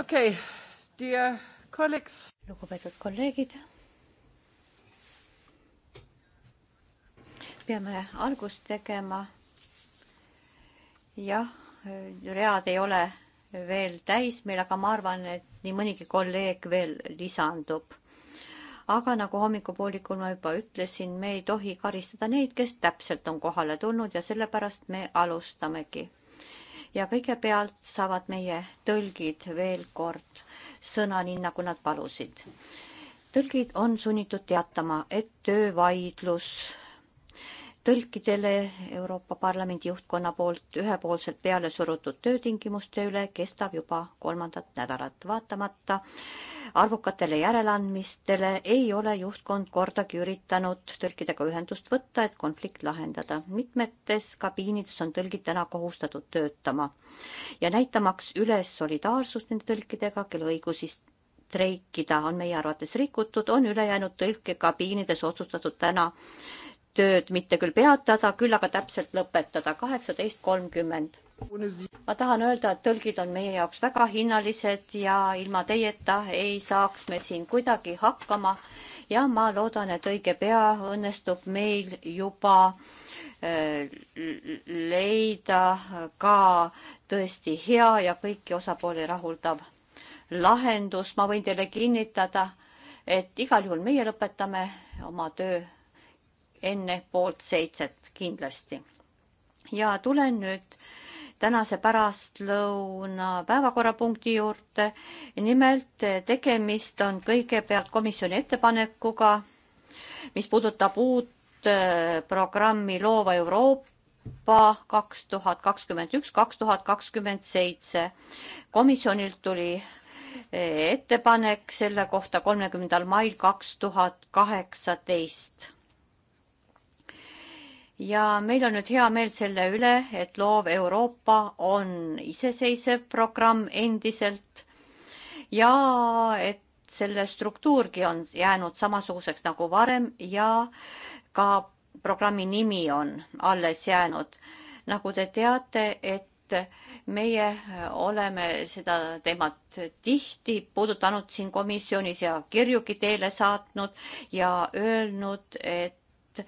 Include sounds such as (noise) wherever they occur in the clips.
okei okay,, dear colleagues. lugupeetud kolleegid. peame algust tegema. jah, read ei ole veel täis meil, aga ma arvan, et nii mõnigi kolleeg veel lisandub. aga nagu hommikupoolikul ma juba ütlesin, me ei tohi karistada neid, kes täpselt on kohale tulnud ja sellepärast me alustamegi ja kõigepealt saavad meie tõlgid veel kord sõna, nii nagu nad palusid. tõlgid on sunnitud teatama, et töövaidlus tõlkidele Euroopa Parlamendi juhtkonna poolt ühepoolselt peale surutud töötingimuste üle kestab juba kolmandat nädalat. vaatamata arvukatele järeleandmistele ei ole juhtkond kordagi üritanud tõlkidega ühendust võtta, et konflikt lahendada. mitmetes kabiinides on tõlgid täna kohustatud töötama ja näitamaks üles solidaarsust nende tõlkidega, kelle õigusi streikida on meie arvates rikutud, on ülejäänud tõlkekabiinides otsustatud täna tööd mitte küll peatada, küll aga täpselt lõpetada, kaheksateist kolmkümmend. ma tahan öelda, et tõlgid on meie jaoks väga hinnalised ja ilma teieta ei saaks me siin kuidagi hakkama ja ma loodan, et õige pea õnnestub meil juba äh, leida ka tõesti hea ja kõiki osapooli rahuldav lahendus, ma võin teile kinnitada, et igal juhul meie lõpetame oma töö enne poolt seitset kindlasti. ja tulen nüüd tänase pärastlõuna päevakorrapunkti juurde. nimelt tegemist on kõigepealt komisjoni ettepanekuga, mis puudutab uut äh, programmi Loova Euroopa kaks tuhat kakskümmend üks, kaks tuhat kakskümmend seitse. komisjonilt tuli äh, ettepanek selle kohta kolmekümnendal mail kaks tuhat kaheksateist ja meil on nüüd hea meel selle üle, et loov Euroopa on iseseisev programm endiselt ja et selle struktuurgi on jäänud samasuguseks nagu varem ja ka programmi nimi on alles jäänud. nagu te teate, et meie oleme seda teemat tihti puudutanud siin komisjonis ja kirjugi teele saatnud ja öelnud, et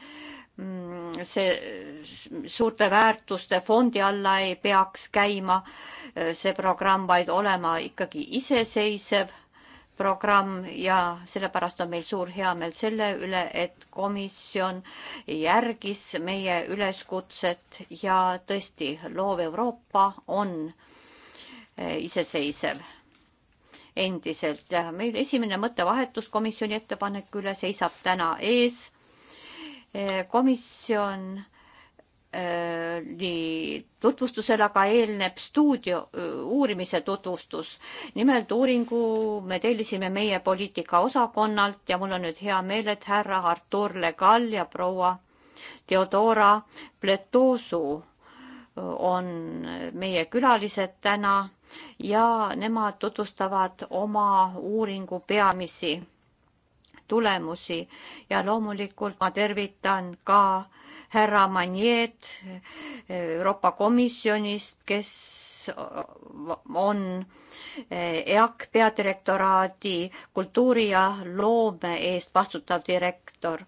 Mm, see suurte väärtuste fondi alla ei peaks käima see programm, vaid olema ikkagi iseseisev programm ja sellepärast on meil suur heameel selle üle, et komisjon järgis meie üleskutset ja tõesti, loov Euroopa on eh, iseseisev endiselt ja meil esimene mõttevahetus komisjoni ettepaneku üle seisab täna ees Eh, komisjon eh, nii tutvustusel aga eelneb stuudio eh, uurimise tutvustus. nimelt uuringu me tellisime meie poliitikaosakonnalt ja mul on nüüd hea meel, et härra Artur Legal ja proua Theodora Pletosu on meie külalised täna ja nemad tutvustavad oma uuringu peamisi tulemusi ja loomulikult ma tervitan ka härra Maniet Euroopa Komisjonist, kes on EAK peadirektoraadi kultuuri ja loome eest vastutav direktor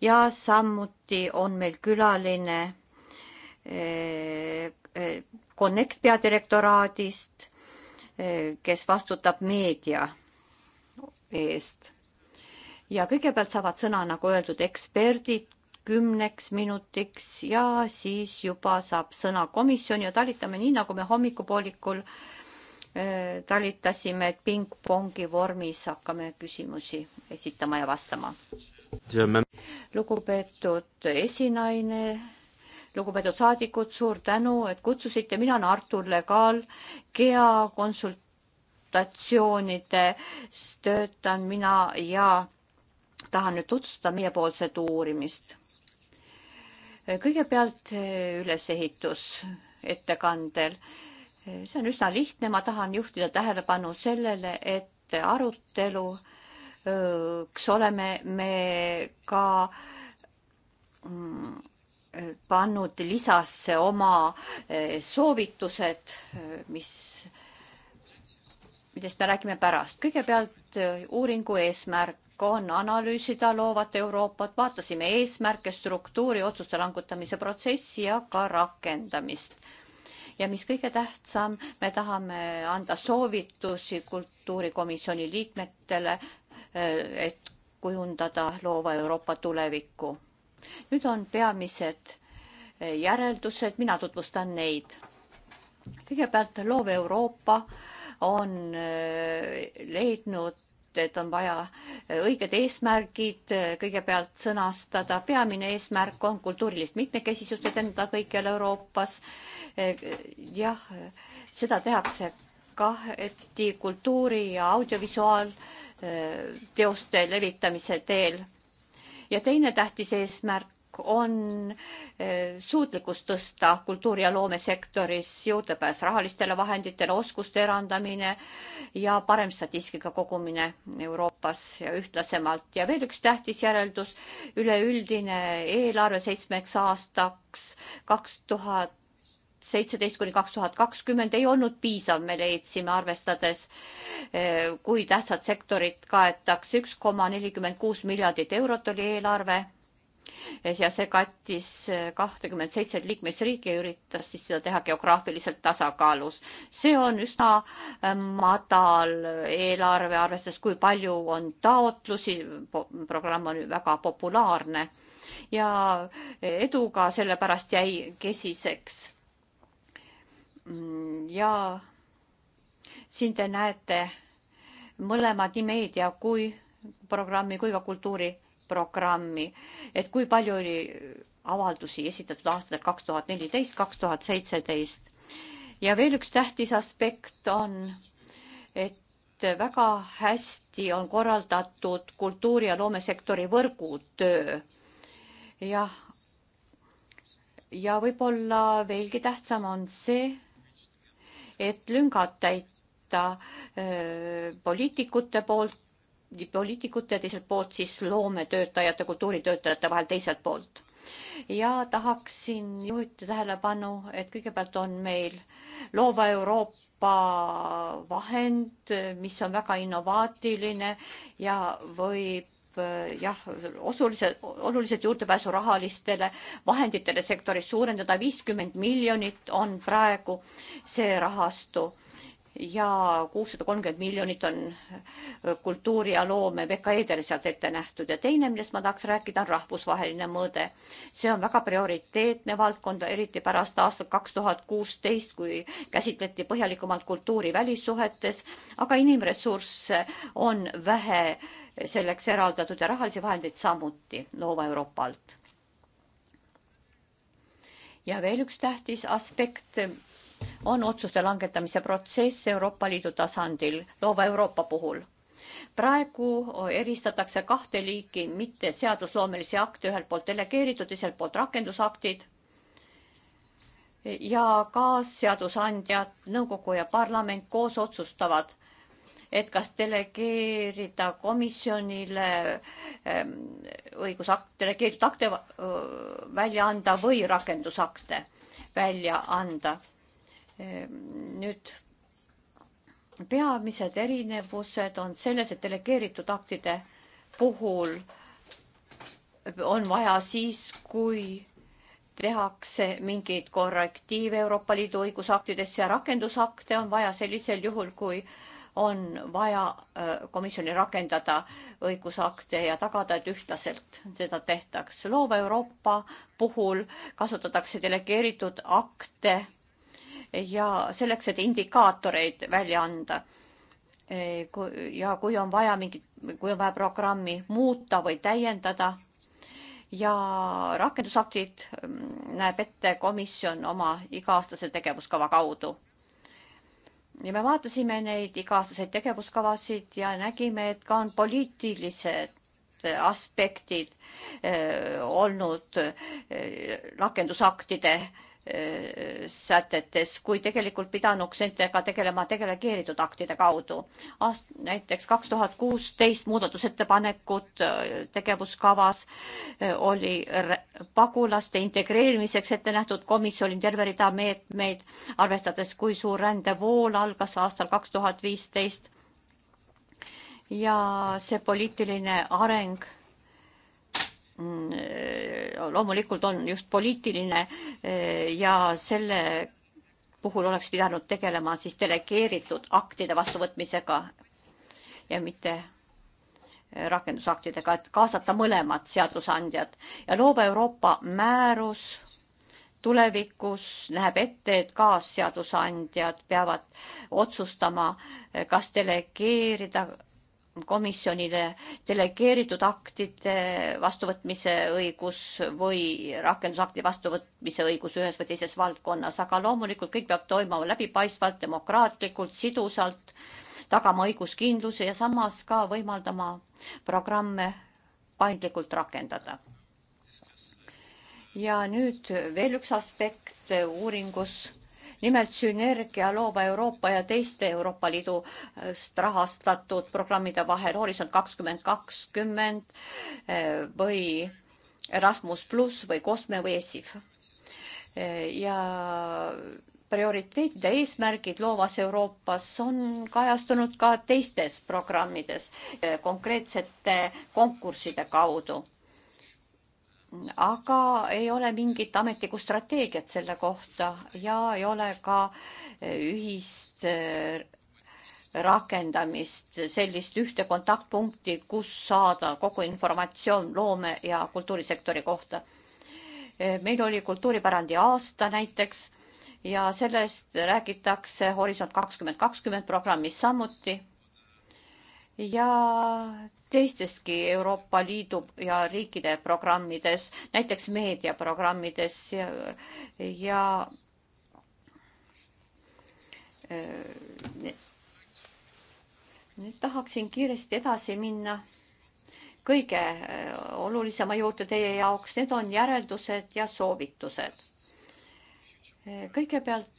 ja samuti on meil külaline eh, eh, Connect peadirektoraadist, eh, kes vastutab meedia eest ja kõigepealt saavad sõna, nagu öeldud, eksperdid kümneks minutiks ja siis juba saab sõna komisjon ja talitame nii, nagu me hommikupoolikul äh, talitasime, et pingpongi vormis hakkame küsimusi esitama ja vastama. lugupeetud esinaine lugupeetud saadikud, suur tänu, et kutsusite, mina olen Artur Legaal, GEA konsultatsioonides töötan mina ja tahan nüüd tutvustada meiepoolset uurimist. kõigepealt eh, ülesehitus ettekandel. Eh, see on üsna lihtne, ma tahan juhtida tähelepanu sellele, et arutelu, eh, eks oleme me ka mm, pannud lisasse oma soovitused, mis, millest me räägime pärast. kõigepealt uuringu eesmärk eesmärk on analüüsida loovat Euroopat, vaatasime eesmärke, struktuuri, otsuste langutamise protsessi ja ka rakendamist. ja mis kõige tähtsam, me tahame anda soovitusi kultuurikomisjoni liikmetele, eh, et kujundada loova Euroopa tulevikku. nüüd on peamised eh, järeldused, mina tutvustan neid. kõigepealt loov Euroopa on eh, leidnud et on vaja äh, õiged eesmärgid äh, kõigepealt sõnastada. peamine eesmärk on kultuurilist mitmekesisust edendada kõikjal Euroopas. Äh, jah, seda tehakse kaheti kultuuri ja audiovisuaalteoste levitamise teel. ja teine tähtis eesmärk on eh, suutlikkus tõsta kultuuri- ja loomesektoris, juurdepääs rahalistele vahenditele, oskuste erandamine ja parem statistika kogumine Euroopas ja ühtlasemalt. ja veel üks tähtis järeldus, üleüldine eelarve seitsmeks aastaks kaks tuhat seitseteist kuni kaks tuhat kakskümmend ei olnud piisav, me leidsime, arvestades eh, kui tähtsad sektorid kaetakse, üks koma nelikümmend kuus miljardit eurot oli eelarve ja see kattis eh, kahtekümmet seitset liikmesriiki ja üritas siis seda teha geograafiliselt tasakaalus. see on üsna eh, madal eelarve, arvestades kui palju on taotlusi, programm on väga populaarne ja edu ka sellepärast jäi kesiseks. Mm, ja siin te näete mõlemad, nii meedia kui programmi kui ka kultuuri programmi, et kui palju oli avaldusi esitatud aastatel kaks tuhat neliteist, kaks tuhat seitseteist. ja veel üks tähtis aspekt on, et väga hästi on korraldatud kultuuri- ja loomesektori võrgutöö. jah, ja võib-olla veelgi tähtsam on see, et lüngad täita äh, poliitikute poolt poliitikute ja teiselt poolt siis loometöötajate, kultuuritöötajate vahel teiselt poolt. ja tahaksin juhtida tähelepanu, et kõigepealt on meil loova Euroopa vahend, mis on väga innovaatiline ja võib jah, osuliselt, oluliselt juurdepääsu rahalistele vahenditele sektoris suurendada, viiskümmend miljonit on praegu see rahastu ja kuussada kolmkümmend miljonit on äh, kultuuri ja loome VKE-dele sealt ette nähtud ja teine, millest ma tahaks rääkida, on rahvusvaheline mõõde. see on väga prioriteetne valdkond, eriti pärast aastat kaks tuhat kuusteist, kui käsitleti põhjalikumalt kultuuri välissuhetes, aga inimressursse on vähe selleks eraldatud ja rahalisi vahendeid samuti Loova Euroopa alt. ja veel üks tähtis aspekt on otsuste langetamise protsess Euroopa Liidu tasandil, loova Euroopa puhul. praegu eristatakse kahte liiki mitte seadusloomelisi akte, ühelt poolt delegeeritud, teiselt poolt rakendusaktid ja kaasseadusandjad, nõukogu ja parlament koos otsustavad, et kas delegeerida komisjonile ähm, õigusakt, delegeeritud akte äh, välja anda või rakendusakte välja anda nüüd peamised erinevused on selles, et delegeeritud aktide puhul on vaja siis, kui tehakse mingeid korrektiive Euroopa Liidu õigusaktidesse ja rakendusakte on vaja sellisel juhul, kui on vaja äh, komisjoni rakendada õigusakte ja tagada, et ühtlaselt seda tehtaks. loova Euroopa puhul kasutatakse delegeeritud akte ja selleks, et indikaatoreid välja anda. E, ja kui on vaja mingit, kui on vaja programmi muuta või täiendada ja rakendusaktid mm, näeb ette komisjon oma iga-aastase tegevuskava kaudu ja me vaatasime neid iga-aastaseid tegevuskavasid ja nägime, et ka on poliitilised aspektid eh, olnud eh, rakendusaktide eh, sätetes, kui tegelikult pidanuks nendega tegelema delegeeritud aktide kaudu. aast-, näiteks kaks tuhat kuusteist muudatusettepanekut äh, tegevuskavas äh, oli pagulaste integreerimiseks ette nähtud komisjoni terve rida meetmeid, arvestades, kui suur rändevool algas aastal kaks tuhat viisteist. ja see poliitiline areng mm, loomulikult on just poliitiline eh, ja selle puhul oleks pidanud tegelema siis delegeeritud aktide vastuvõtmisega ja mitte eh, rakendusaktidega, et kaasata mõlemad seadusandjad ja loob Euroopa määrus tulevikus näeb ette, et kaasseadusandjad peavad otsustama, eh, kas delegeerida komisjonile delegeeritud aktide vastuvõtmise õigus või rakendusakti vastuvõtmise õigus ühes või teises valdkonnas, aga loomulikult kõik peab toimuma läbipaistvalt, demokraatlikult, sidusalt, tagama õiguskindluse ja samas ka võimaldama programme paindlikult rakendada. ja nüüd veel üks aspekt uuringus nimelt sünergia loova Euroopa ja teiste Euroopa Liidust rahastatud programmide vahel Horisont kakskümmend kakskümmend eh, või Erasmus pluss või Kosme või ESIF. Eh, ja prioriteedid ja eesmärgid loovas Euroopas on kajastunud ka teistes programmides eh, konkreetsete konkursside kaudu aga ei ole mingit ametlikku strateegiat selle kohta ja ei ole ka e, ühist e, rakendamist, sellist ühte kontaktpunkti, kus saada kogu informatsioon loome- ja kultuurisektori kohta. E, meil oli kultuuripärandi aasta näiteks ja sellest räägitakse Horisont kakskümmend kakskümmend programmis samuti. ja teistestki Euroopa Liidu ja riikide programmides, näiteks meediaprogrammides ja, ja äh, nüüd tahaksin kiiresti edasi minna kõige äh, olulisema juurde teie jaoks, need on järeldused ja soovitused. Äh, kõigepealt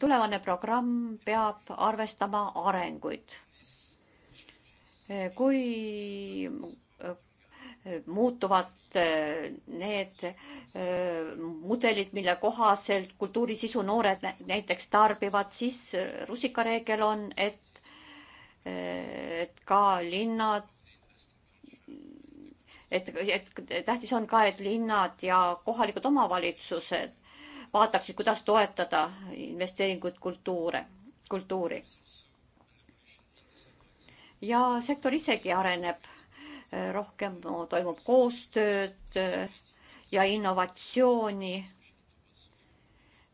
tulevane programm peab arvestama arenguid kui äh, muutuvad äh, need äh, mudelid, mille kohaselt kultuuri sisu noored näiteks tarbivad, siis rusikareegel on, et, et ka linnad, et, et tähtis on ka, et linnad ja kohalikud omavalitsused vaataksid, kuidas toetada investeeringuid kultuure, kultuuri ja sektor isegi areneb rohkem, toimub koostööd äh, ja innovatsiooni.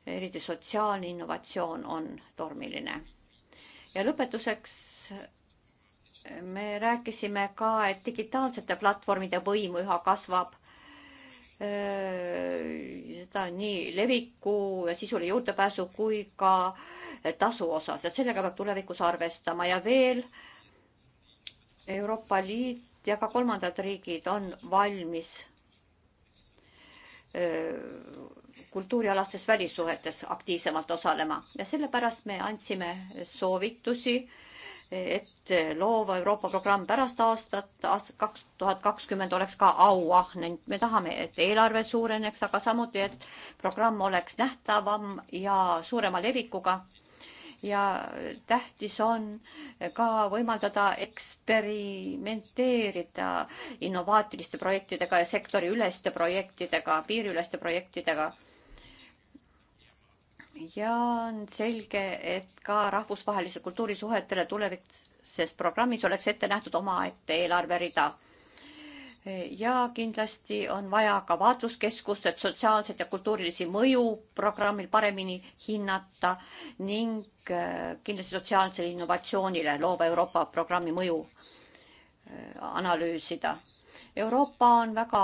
eriti sotsiaalne innovatsioon on tormiline. ja lõpetuseks äh, me rääkisime ka, et digitaalsete platvormide võim üha kasvab. Äh, seda nii leviku ja sisule juurdepääsu kui ka tasu osas ja sellega peab tulevikus arvestama ja veel äh, Euroopa Liit ja ka kolmandad riigid on valmis kultuurialastes välissuhetes aktiivsemalt osalema ja sellepärast me andsime soovitusi, et loova Euroopa programm pärast aastat, aastat kaks tuhat kakskümmend oleks ka auahne. me tahame, et eelarve suureneks, aga samuti, et programm oleks nähtavam ja suurema levikuga ja tähtis on ka võimaldada eksperimenteerida innovaatiliste projektidega ja sektoriüleste projektidega, piiriüleste projektidega ja on selge, et ka rahvusvahelise kultuurisuhetele tulevikus programmis oleks ette nähtud omaette eelarverida ja kindlasti on vaja ka vaatluskeskust, et sotsiaalset ja kultuurilisi mõju programmil paremini hinnata ning äh, kindlasti sotsiaalsele innovatsioonile loova Euroopa programmi mõju äh, analüüsida. Euroopa on väga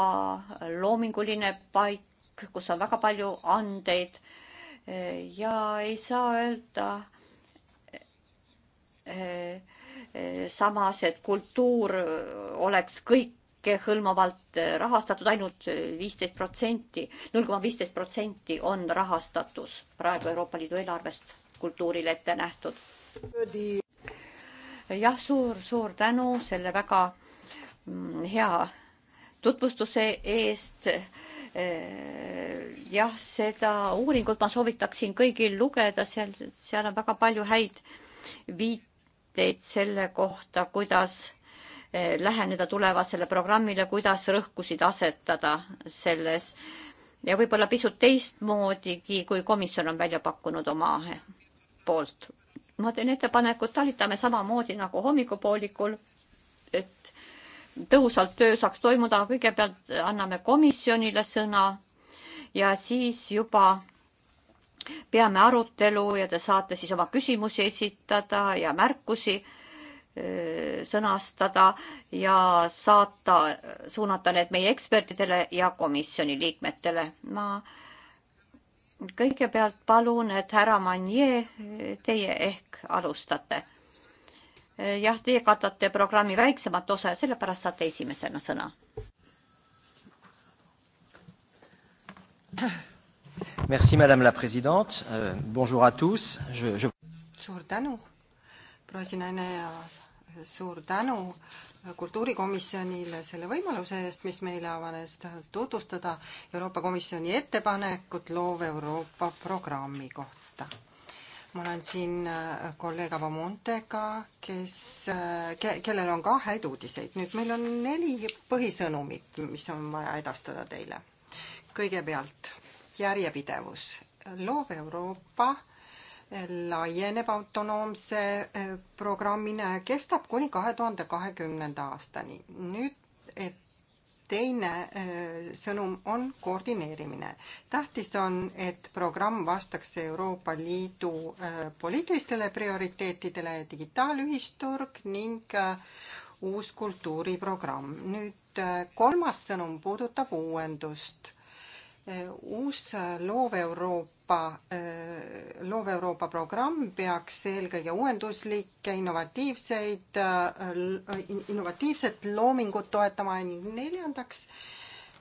loominguline paik, kus on väga palju andeid äh, ja ei saa öelda samas, et kultuur oleks kõik kõike hõlmavalt äh, rahastatud ainult äh, viisteist protsenti, null koma viisteist protsenti on rahastatus praegu Euroopa Liidu eelarvest kultuurile ette nähtud. jah, suur-suur tänu selle väga mm, hea tutvustuse eest. Äh, jah, seda uuringut ma soovitaksin kõigil lugeda, seal, seal on väga palju häid viiteid selle kohta, kuidas Eh, läheneda tulevasele programmile, kuidas rõhkusid asetada selles ja võib-olla pisut teistmoodigi, kui komisjon on välja pakkunud oma poolt. ma teen ettepaneku, et talitame samamoodi nagu hommikupoolikul, et tõhusalt töö saaks toimuda, kõigepealt anname komisjonile sõna ja siis juba peame arutelu ja te saate siis oma küsimusi esitada ja märkusi sõnastada ja saata, suunata need meie ekspertidele ja komisjoni liikmetele. ma kõigepealt palun, et härra Manier, teie ehk alustate. jah, teie katate programmi väiksemat osa ja sellepärast saate esimesena sõna. Merci, madame la présidente. Bonjour à tous. Je, je... suur tänu, proua esinaine ja suur tänu kultuurikomisjonile selle võimaluse eest, mis meile avanes tutvustada Euroopa Komisjoni ettepanekut loov Euroopa programmi kohta. ma olen siin äh, kolleeg Avo Montega, kes äh, ke,, kellel on ka häid uudiseid. nüüd meil on neli põhisõnumit, mis on vaja edastada teile. kõigepealt järjepidevus. loov Euroopa laieneb autonoomse eh, programmina ja kestab kuni kahe tuhande kahekümnenda aastani. nüüd teine eh, sõnum on koordineerimine. tähtis on, et programm vastaks Euroopa Liidu eh, poliitilistele prioriteetidele, digitaalühisturg ning uus kultuuriprogramm. nüüd kolmas sõnum puudutab uuendust uus loov Euroopa Euroopa, äh, loov Euroopa programm peaks eelkõige uuenduslikke, innovatiivseid, äh, innovatiivset loomingut toetama ning neljandaks,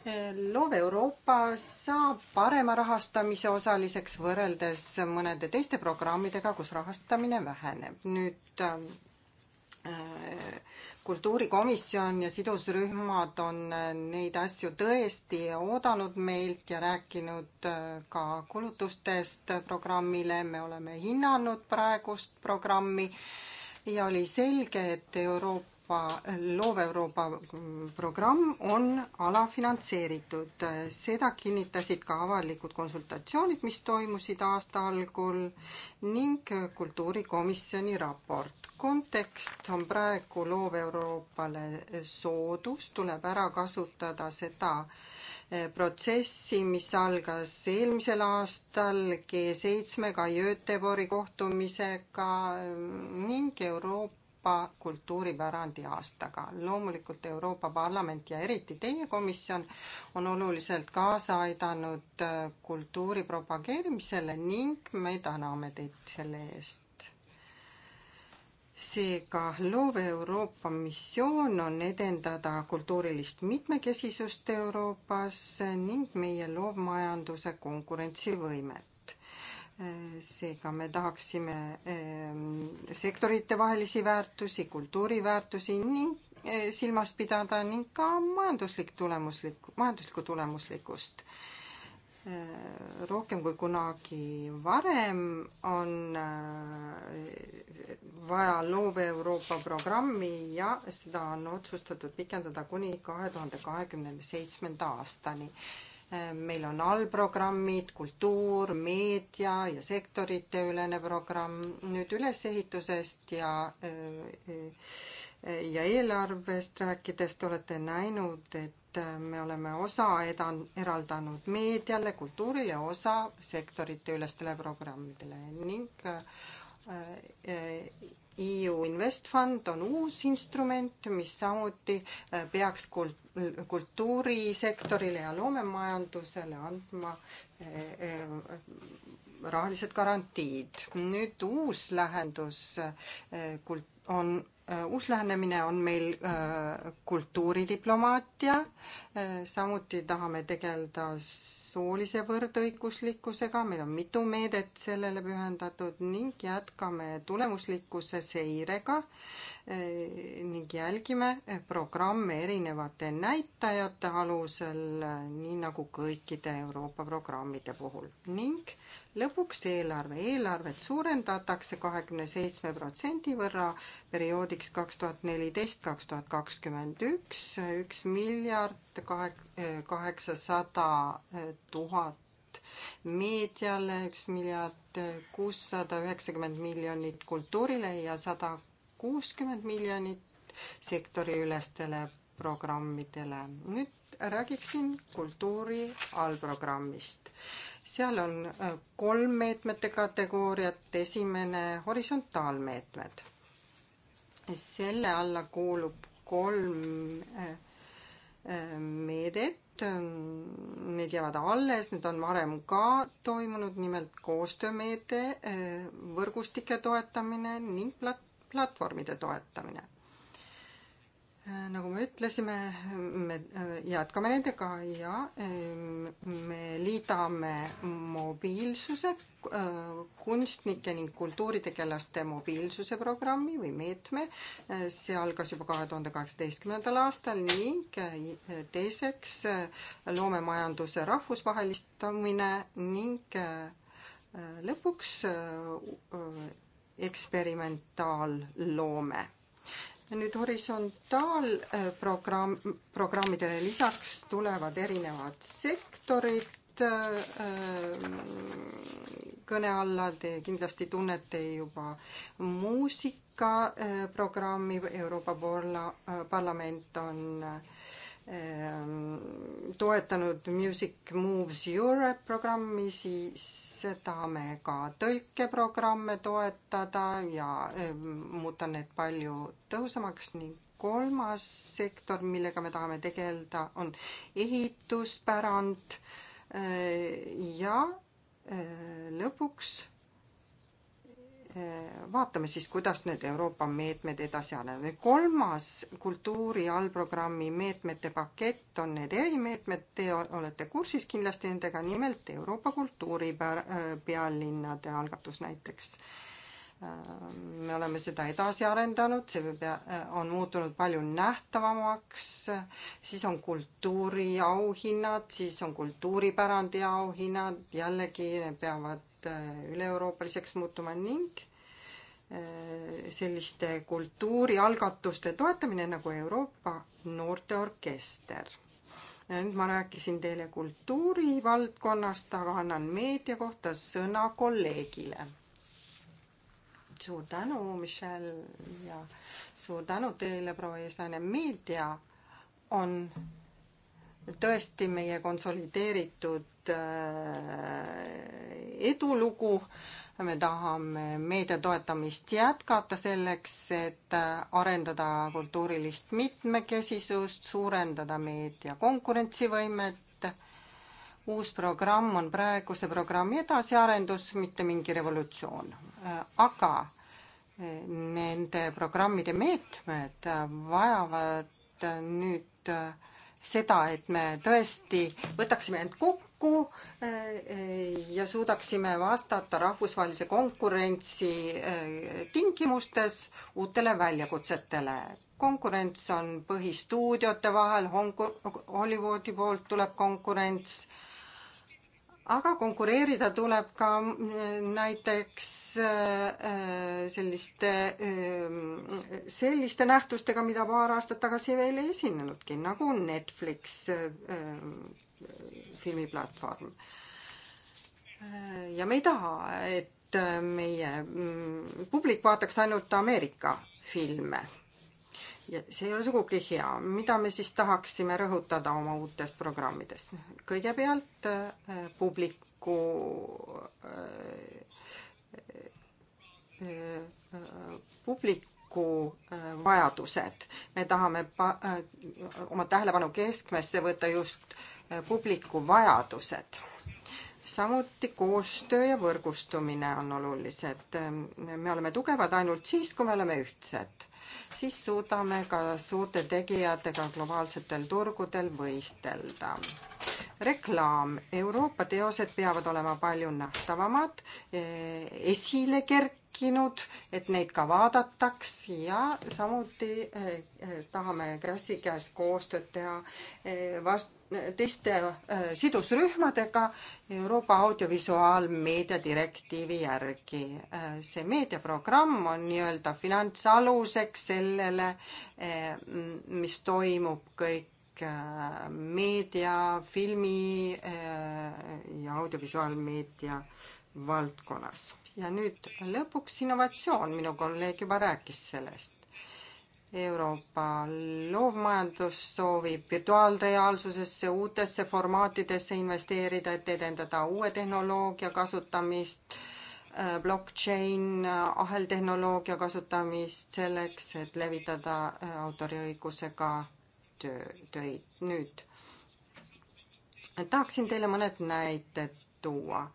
äh, loov Euroopa saab parema rahastamise osaliseks võrreldes mõnede teiste programmidega, kus rahastamine väheneb. nüüd äh, kultuurikomisjon ja sidusrühmad on äh, neid asju tõesti oodanud meilt ja rääkinud äh, ka kulutustest programmile, me oleme hinnanud praegust programmi ja oli selge, et Euroopa Euroopa, loov Euroopa programm on alafinantseeritud. seda kinnitasid ka avalikud konsultatsioonid, mis toimusid aasta algul ning kultuurikomisjoni raport. kontekst on praegu loov Euroopale soodus, tuleb ära kasutada seda eh, protsessi, mis algas eelmisel aastal G7-ga, Göteborgi kohtumisega ning Euroopa Euroopa kultuuripärandi aastaga. loomulikult Euroopa Parlament ja eriti teie komisjon on oluliselt kaasa aidanud äh, kultuuri propageerimisele ning me täname teid selle eest. seega loov Euroopa missioon on edendada kultuurilist mitmekesisust Euroopas ning meie loovmajanduse konkurentsivõimet seega me tahaksime ehm, sektoritevahelisi väärtusi, kultuuriväärtusi ning eh, silmas pidada ning ka majanduslik tulemuslik, majanduslikku tulemuslikkust. Eh, rohkem kui kunagi varem on eh, vaja loov Euroopa programmi ja seda on otsustatud pikendada kuni kahe tuhande kahekümne seitsmenda aastani meil on allprogrammid, kultuur, meedia ja sektoriteülene programm. nüüd ülesehitusest ja ja eelarvest rääkides te olete näinud, et me oleme osa edan-, eraldanud meediale, kultuurile, osa sektoriteülestele programmidele ning EU Invest Fund on uus instrument, mis samuti äh, peaks kult-, kultuurisektorile ja loomemajandusele andma äh, äh, rahalised garantiid. nüüd uus lähendus kult-, on, uus lähenemine on meil kultuuridiplomaatia, samuti tahame tegeleda soolise võrdõiguslikkusega, meil on mitu meedet sellele pühendatud ning jätkame tulemuslikkuse seirega Eh, ning jälgime eh, programme erinevate näitajate alusel, eh, nii nagu kõikide Euroopa programmide puhul ning lõpuks eelarve. eelarvet suurendatakse kahekümne seitsme protsendi võrra perioodiks kaks tuhat neliteist, kaks tuhat kakskümmend üks, üks miljard kahe, kaheksasada tuhat meediale üks miljard kuussada üheksakümmend miljonit kultuurile ja sada kuuskümmend miljonit sektoriülestele programmidele. nüüd räägiksin kultuuri allprogrammist. seal on äh, kolm meetmete kategooriat, esimene horisontaalmeetmed. selle alla kuulub kolm äh, äh, meedet, need jäävad alles, need on varem ka toimunud, nimelt koostöömeede, võrgustike toetamine ning plat-, platvormide toetamine. nagu me ütlesime, me jätkame nendega ja ehm, me liidame mobiilsuse, kunstnike ning kultuuritegelaste mobiilsuse programmi või meetme. see algas juba kahe tuhande kaheksateistkümnendal aastal ning eh, teiseks eh, loomemajanduse rahvusvahelistamine ning eh, lõpuks eksperimentaalloome. nüüd horisontaalprogramm, eh, programmidele lisaks tulevad erinevad sektorid, eh, kõne alla, te kindlasti tunnete juba muusikaprogrammi, Euroopa Parla-, parlament on äh, Ähm, toetanud Music Moves Europe programmi, siis tahame ka tõlkeprogramme toetada ja ähm, muuta need palju tõhusamaks ning kolmas sektor, millega me tahame tegeleda, on ehituspärand äh, ja äh, lõpuks Äh, vaatame siis, kuidas need Euroopa meetmed edasi arenevad. nüüd kolmas kultuuri allprogrammi meetmete pakett on need erimeetmed, te olete kursis kindlasti nendega, nimelt Euroopa kultuuripealinnade äh, algatus näiteks. Äh, me oleme seda edasi arendanud, see on muutunud palju nähtavamaks, siis on kultuuriauhinnad, siis on kultuuripärandi auhinnad, jällegi need peavad Äh, üle-euroopaliseks muutuma ning äh, selliste kultuurialgatuste toetamine nagu Euroopa Noorteorkester. nüüd ma rääkisin teile kultuurivaldkonnast, aga annan meedia kohta sõna kolleegile. suur tänu, Michelle ja suur tänu teile, proua eestlane. meedia on tõesti meie konsolideeritud äh, edulugu. me tahame meedia toetamist jätkata selleks, et äh, arendada kultuurilist mitmekesisust, suurendada meedia konkurentsivõimet. uus programm on praeguse programmi edasiarendus, mitte mingi revolutsioon, äh, aga nende programmide meetmed vajavad nüüd äh, seda, et me tõesti võtaksime end kokku eh, ja suudaksime vastata rahvusvahelise konkurentsi eh, tingimustes uutele väljakutsetele. konkurents on põhistuudiote vahel, Hollywoodi poolt tuleb konkurents aga konkureerida tuleb ka mm, näiteks äh, äh, selliste, äh, selliste nähtustega, mida paar aastat tagasi veel ei esinenudki, nagu Netflix filmiplatvorm. ja me ei taha, et meie mm, publik vaataks ainult Ameerika filme ja see ei ole sugugi hea. mida me siis tahaksime rõhutada oma uutes programmides? kõigepealt äh, publiku äh, äh, publiku vajadused. me tahame pa-, oma tähelepanu keskmesse võtta just publiku vajadused samuti koostöö ja võrgustumine on olulised. me oleme tugevad ainult siis, kui me oleme ühtsed siis suudame ka suurte tegijatega globaalsetel turgudel võistelda. reklaam. Euroopa teosed peavad olema palju nähtavamad, eh, esile kerkivad tekkinud, et neid ka vaadataks ja samuti eh, eh, tahame käsikäes koostööd teha eh, vast-, teiste sidusrühmadega Euroopa audiovisuaalmeedia direktiivi järgi. see meediaprogramm on nii-öelda finantsaluseks sellele, mis toimub kõik meedia, filmi ja audiovisuaalmeedia valdkonnas ja nüüd lõpuks innovatsioon, minu kolleeg juba rääkis sellest. Euroopa loovmajandus soovib virtuaalreaalsusesse, uutesse formaatidesse investeerida, et edendada uue tehnoloogia kasutamist, äh, blockchain, äh, aheltehnoloogia kasutamist selleks, et levitada äh, autoriõigusega töö, töid. nüüd tahaksin teile mõned näited tuua.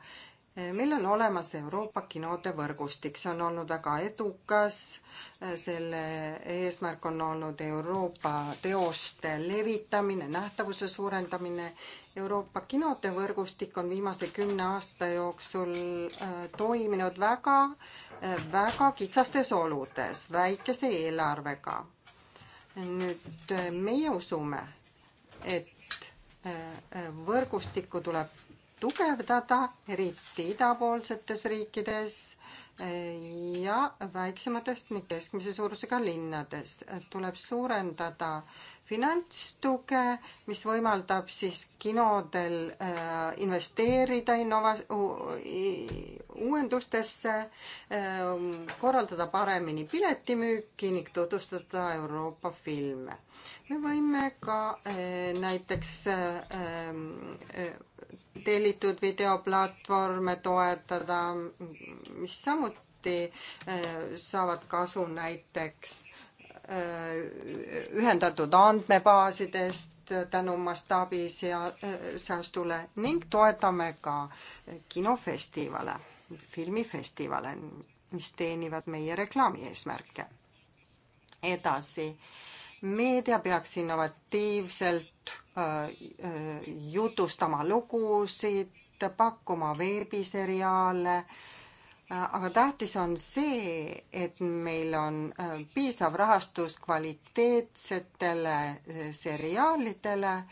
Eh, meil on olemas Euroopa kinode võrgustik, see on olnud väga edukas, eh, selle eesmärk on olnud Euroopa teoste levitamine, nähtavuse suurendamine. Euroopa kinode võrgustik on viimase kümne aasta jooksul eh, toiminud väga, väga kitsastes oludes, väikese eelarvega. nüüd meie usume, et võrgustikku tuleb tugevdada, eriti idapoolsetes riikides eh, ja väiksematest ning keskmise suurusega linnades. tuleb suurendada finantstuge, mis võimaldab siis kinodel eh, investeerida innova-, uuendustesse, eh, korraldada paremini piletimüüki ning tutvustada Euroopa filme. me võime ka näiteks tellitud videoplatvorme toetada, mis samuti eh, saavad kasu näiteks eh, ühendatud andmebaasidest tänu mastaabisäästule eh, ning toetame ka kinofestivale, filmifestivale, mis teenivad meie reklaami eesmärke. edasi meedia peaks innovatiivselt äh, äh, jutustama lugusid, pakkuma veebiseriaale, äh, aga tähtis on see, et meil on piisav rahastus kvaliteetsetele seriaalidele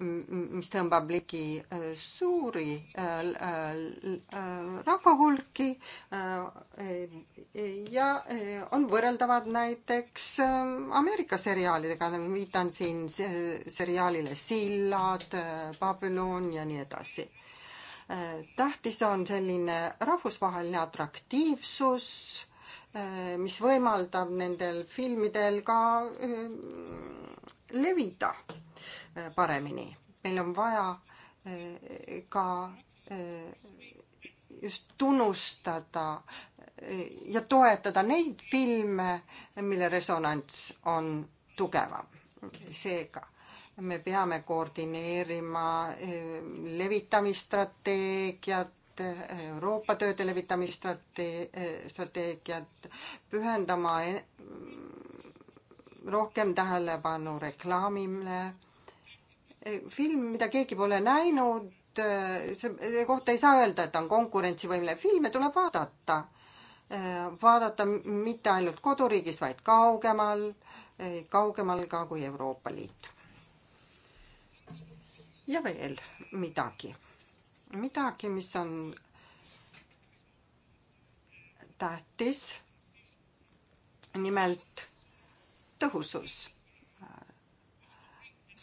mis tõmbab ligi äh, suuri äh, äh, rahvahulki ja on võrreldavad näiteks Ameerika seriaalidega, viitan siin seriaalile Sillad, Babylon ja nii edasi. tähtis on selline rahvusvaheline atraktiivsus, mis võimaldab nendel filmidel ka levida Äh, paremini. meil on vaja äh, ka äh, just tunnustada ja toetada neid filme, mille resonants on tugevam. seega me peame koordineerima levitamisstrateegiat, Euroopa tööde levitamisstrateegiat, pühendama rohkem tähelepanu reklaamile film, mida keegi pole näinud, see kohta ei saa öelda, et ta on konkurentsivõimeline, filme tuleb vaadata. vaadata mitte ainult koduriigis, vaid kaugemal, kaugemal ka kui Euroopa Liit. ja veel midagi, midagi, mis on tähtis. nimelt tõhusus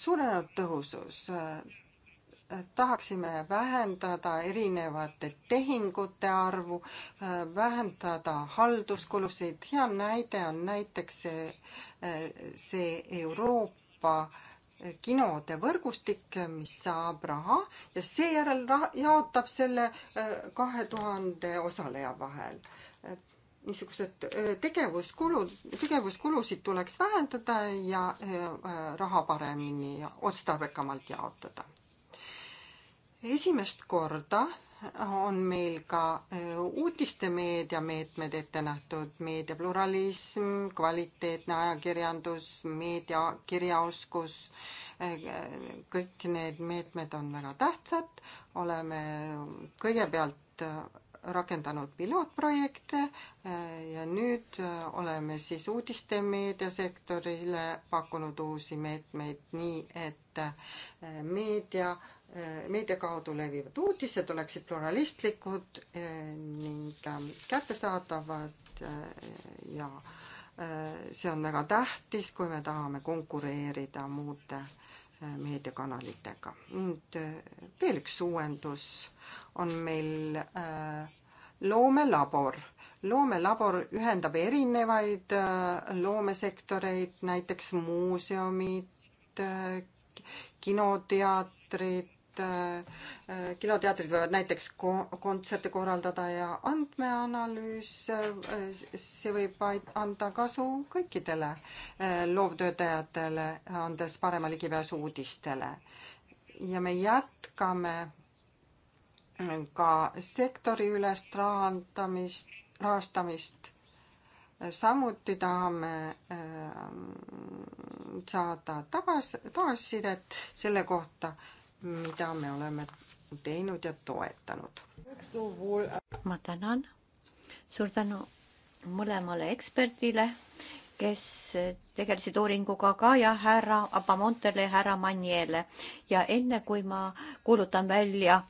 suurenenud tõhusus. Äh, tahaksime vähendada erinevate tehingute arvu, äh, vähendada halduskulusid. hea näide on näiteks see, äh, see Euroopa kinode võrgustik, mis saab raha ja seejärel raha jaotab selle kahe tuhande osaleja vahel niisugused tegevuskulud, tegevuskulusid tuleks vähendada ja raha paremini ja otstarbekamalt jaotada. esimest korda on meil ka uudistemeedia meetmed ette nähtud, meediapluralism, kvaliteetne ajakirjandus, meedia kirjaoskus, kõik need meetmed on väga tähtsad, oleme kõigepealt rakendanud pilootprojekte äh, ja nüüd äh, oleme siis uudiste meediasektorile pakkunud uusi meetmeid nii, et äh, meedia, meedia kaudu levivad uudised oleksid pluralistlikud ning ähm, kättesaadavad ja see on väga tähtis, kui me tahame konkureerida muude meediakanalitega. nüüd veel üks uuendus on meil äh, loomelabor. loomelabor ühendab erinevaid äh, loomesektoreid, näiteks muuseumid, äh, kinoteatrid, kinoteatrid võivad näiteks kontserte korraldada ja andmeanalüüs, see võib anda kasu kõikidele loovtöötajatele, andes parema ligipääsu uudistele. ja me jätkame ka sektoriülest rahandamist, rahastamist. samuti tahame ähm, saada tagas, tagasisidet selle kohta, mida me oleme teinud ja toetanud. ma tänan. suur tänu mõlemale eksperdile, kes tegelesid uuringuga ka ja härra Abamontele ja härra Manniele ja enne kui ma kuulutan välja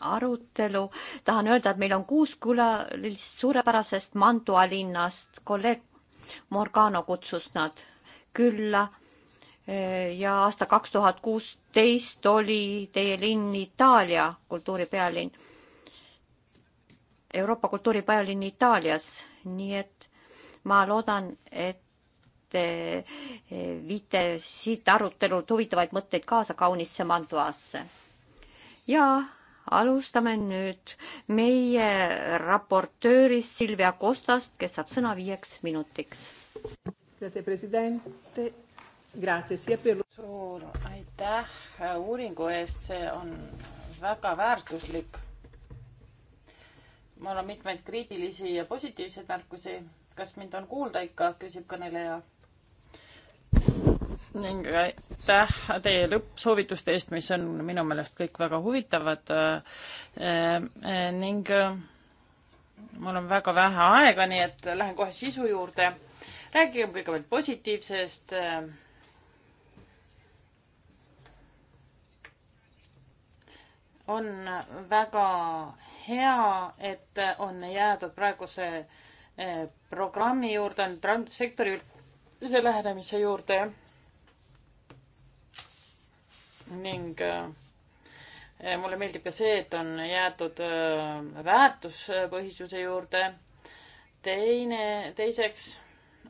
arutelu. tahan öelda, et meil on kuus külalist suurepärasest Mantua linnast. kolleeg Morgano kutsus nad külla. ja aasta kaks tuhat kuusteist oli teie linn Itaalia kultuuripealinn. Euroopa kultuuripealinn Itaalias, nii et ma loodan, et te viite siit arutelult huvitavaid mõtteid kaasa kaunisse Mantuasse. ja alustame nüüd meie raportöörist Silvia Kostast, kes saab sõna viieks minutiks. suur aitäh uuringu eest, see on väga väärtuslik. mul on mitmeid kriitilisi ja positiivseid märkusi. kas mind on kuulda ikka, küsib kõneleja ning aitäh teie lõppsoovituste eest, mis on minu meelest kõik väga huvitavad äh, äh, ning äh, mul on väga vähe aega, nii et lähen kohe sisu juurde. rääkigem kõigepealt positiivsest. on väga hea, et on jäädud praeguse programmi juurde, on sektori üldise lähenemise juurde ning äh, mulle meeldib ka see, et on jäetud äh, väärtuspõhisuse juurde. teine, teiseks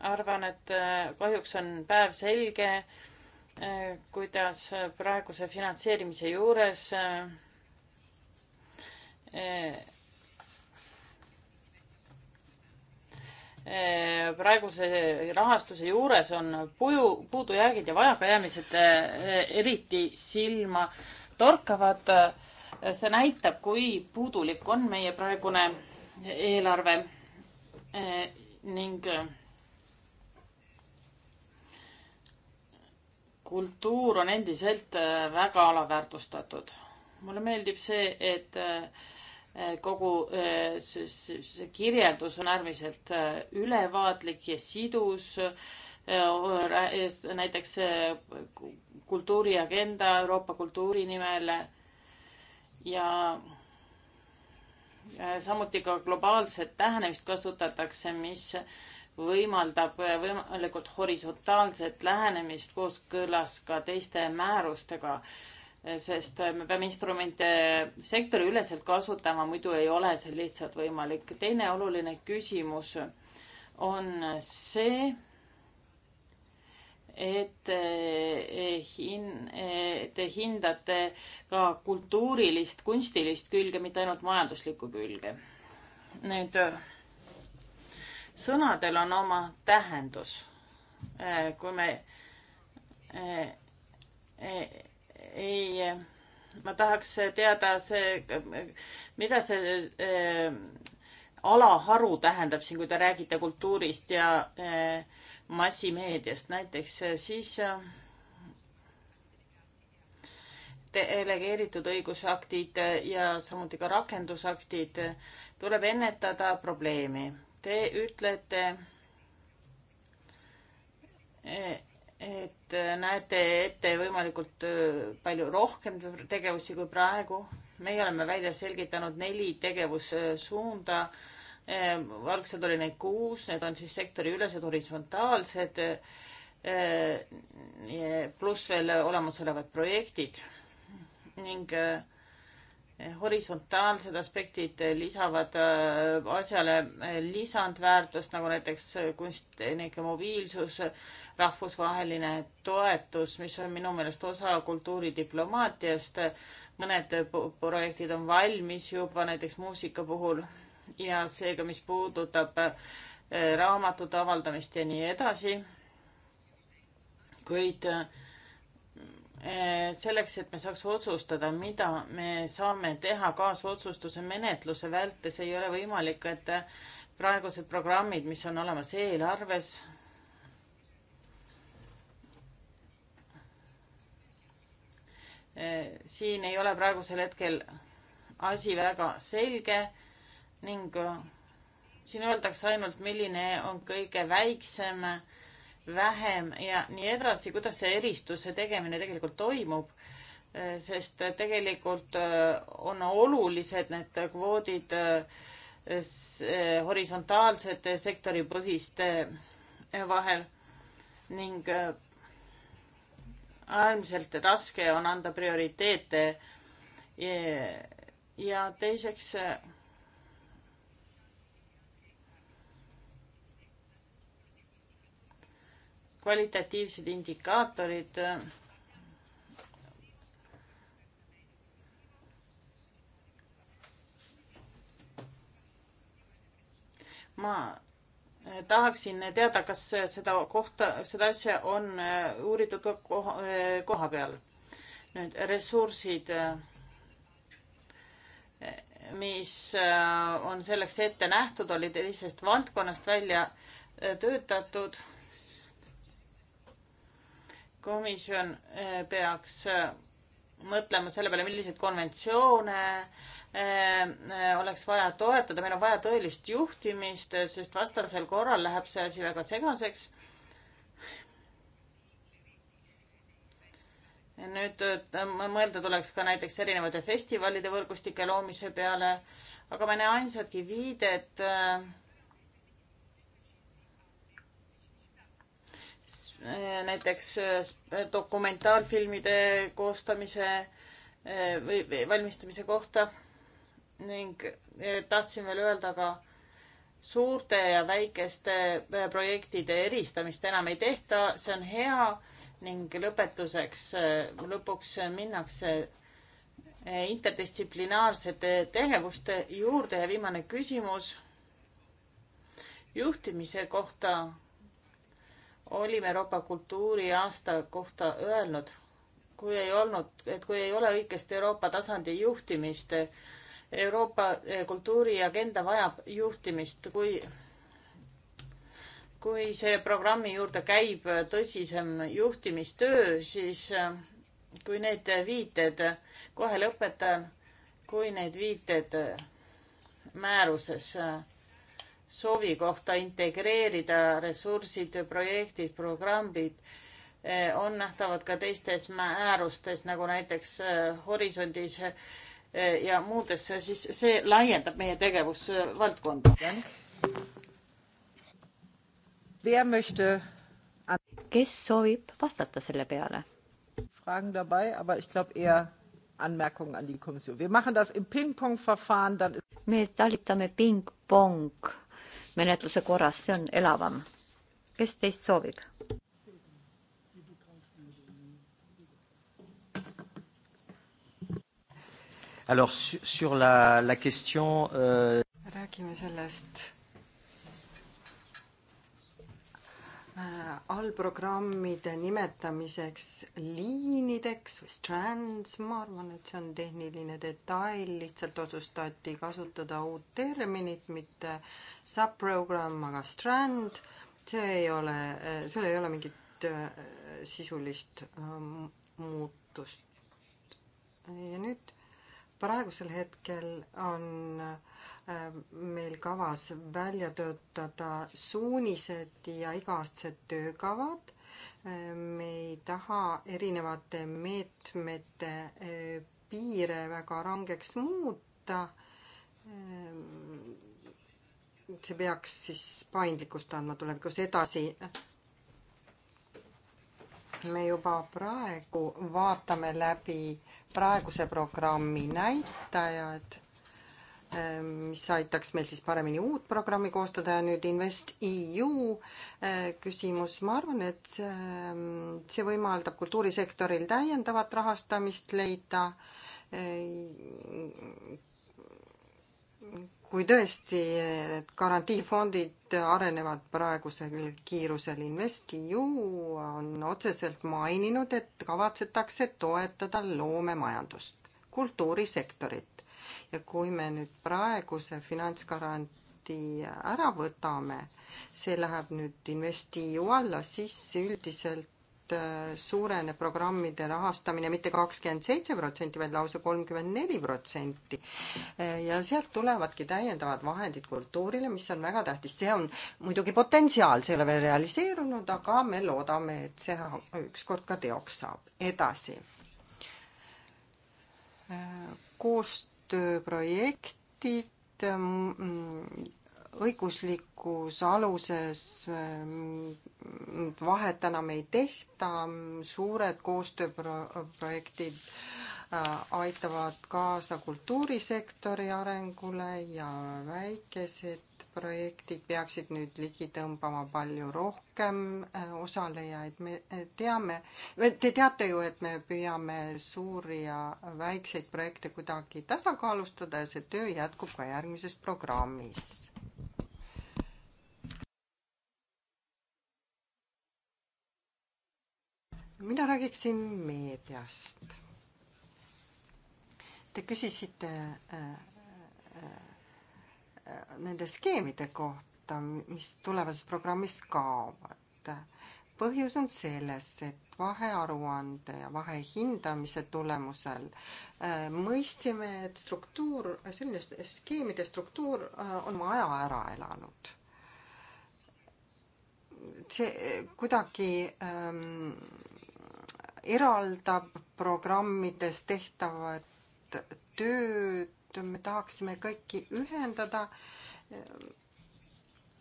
arvan, et äh, kahjuks on päevselge, kuidas praeguse finantseerimise juures praeguse rahastuse juures on puju, puudujäägid ja vajakajäämised eriti silma torkavad. see näitab, kui puudulik on meie praegune eelarve ning kultuur on endiselt väga alaväärtustatud. mulle meeldib see, et Eh, kogu eh, see kirjeldus on äärmiselt eh, ülevaatlik ja sidus. näiteks kultuuriagenda Euroopa kultuuri nimel ja samuti ka globaalset lähenemist kasutatakse, mis võimaldab võimalikult horisontaalset lähenemist kooskõlas ka teiste määrustega sest me peame instrumente sektoriüleselt kasutama, muidu ei ole see lihtsalt võimalik. teine oluline küsimus on see, et eh, hin-, eh, te hindate ka kultuurilist, kunstilist külge, mitte ainult majanduslikku külge. nüüd sõnadel on oma tähendus. Eh, kui me ei, ma tahaks teada see, mida see äh, alaharu tähendab siin, kui te räägite kultuurist ja äh, massimeediast näiteks, eh, siis äh, delegeeritud õigusaktid ja samuti ka rakendusaktid, tuleb ennetada probleemi. Te ütlete, et äh, näete ette võimalikult äh, palju rohkem tegevusi kui praegu. meie oleme välja selgitanud neli tegevussuunda. Äh, algselt oli neid kuus, need on siis sektoriülesed, horisontaalsed, pluss veel olemasolevad projektid ning horisontaalsed aspektid lisavad asjale lisandväärtust, nagu näiteks kunstnike mobiilsus rahvusvaheline toetus, mis on minu meelest osa kultuuridiplomaatiast. mõned projektid on valmis juba näiteks muusika puhul ja seega, mis puudutab eh, raamatute avaldamist ja nii edasi. kuid eh, selleks, et me saaks otsustada, mida me saame teha kaasotsustuse menetluse vältes, ei ole võimalik, et eh, praegused programmid, mis on olemas eelarves, Eh, siin ei ole praegusel hetkel asi väga selge ning eh, siin öeldakse ainult, milline on kõige väiksem, vähem ja nii edasi, kuidas see eristuse tegemine tegelikult toimub. Eh, sest tegelikult on olulised need kvoodid horisontaalsete sektoripõhiste vahel ning äärmiselt raske on anda prioriteete. ja teiseks. kvalitatiivsed indikaatorid. ma tahaksin teada, kas seda kohta, seda asja on äh, uuritud ka koha, äh, koha peal. nüüd ressursid, äh, mis on selleks ette nähtud, oli teisest valdkonnast välja töötatud. komisjon peaks mõtlema selle peale, milliseid konventsioone Äh, oleks vaja toetada, meil on vaja tõelist juhtimist, sest vastasel korral läheb see asi väga segaseks. nüüd äh, mõelda tuleks ka näiteks erinevate festivalide võrgustike loomise peale, aga ma ei näe ainsatki viidet äh, näiteks dokumentaalfilmide koostamise või valmistamise kohta ning eh, tahtsin veel öelda ka suurte ja väikeste eh, projektide eristamist enam ei tehta, see on hea ning lõpetuseks, eh, lõpuks minnakse interdistsiplinaarsete tegevuste juurde ja viimane küsimus juhtimise kohta olime Euroopa kultuuriaasta kohta öelnud, kui ei olnud, et kui ei ole õigesti Euroopa tasandi juhtimist, Euroopa eh, kultuuriagenda vajab juhtimist, kui, kui see programmi juurde käib tõsisem juhtimistöö, siis eh, kui need viited, kohe lõpetan, kui need viited eh, määruses soovi kohta integreerida ressursid, projektid, programmid on nähtavad ka teistes määrustes, nagu näiteks Horisondis Eh, ja muudesse, eh, siis see laiendab meie tegevusvaldkonda. kes soovib vastata selle peale? Fragen dabei, aber ich glaube eher Anmerkungen an die Kommission. Wir machen das im Ping-Pong-Verfahren, dann me talitame ping-pong menetluse korras, see on elavam. kes teist soovib? Alors sur, sur la, la question euh... räägime sellest äh, allprogrammide nimetamiseks liinideks või strands, ma arvan, et see on tehniline detail, lihtsalt otsustati kasutada uut terminit, mitte subprogramm, aga strand. see ei ole, äh, seal ei ole mingit äh, sisulist muutust. ja nüüd praegusel hetkel on äh, meil kavas välja töötada suunised ja iga-aastased töökavad. Äh, me ei taha erinevate meetmete äh, piire väga rangeks muuta. see peaks siis paindlikkust andma tulevikus edasi me juba praegu vaatame läbi praeguse programmi näitajad, ehm, mis aitaks meil siis paremini uut programmi koostada ja nüüd InvestEU ehm, küsimus, ma arvan, et ehm, see võimaldab kultuurisektoril täiendavat rahastamist leida kui tõesti need garantiifondid arenevad praegusel kiirusel, InvestEU on otseselt maininud, et kavatsetakse toetada loomemajandust, kultuurisektorit. ja kui me nüüd praeguse finantsgarantii ära võtame, see läheb nüüd InvestEU alla, siis üldiselt Äh, suureneb programmide rahastamine mitte kakskümmend seitse protsenti, vaid lausa kolmkümmend neli protsenti. Äh, ja sealt tulevadki täiendavad vahendid kultuurile, mis on väga tähtis, see on muidugi potentsiaal, see ei ole veel realiseerunud, aga me loodame, et see ükskord ka teoks saab. edasi. Äh, koostööprojektid mm, õiguslikus aluses mm, vahet enam ei tehta, suured koostööprojektid äh, aitavad kaasa kultuurisektori arengule ja väikesed projektid peaksid nüüd ligi tõmbama palju rohkem äh, osalejaid, me teame, te teate ju, et me püüame suuri ja väikseid projekte kuidagi tasakaalustada ja see töö jätkub ka järgmises programmis mina räägiksin meediast. Te küsisite äh, äh, äh, nende skeemide kohta, mis tulevases programmis kaovad. põhjus on selles, et vahearuande ja vahehindamise tulemusel mõistsime, et struktuur, selline skeemide struktuur on oma aja ära elanud see kuidagi ähm, eraldab programmides tehtavat tööd, me tahaksime kõiki ühendada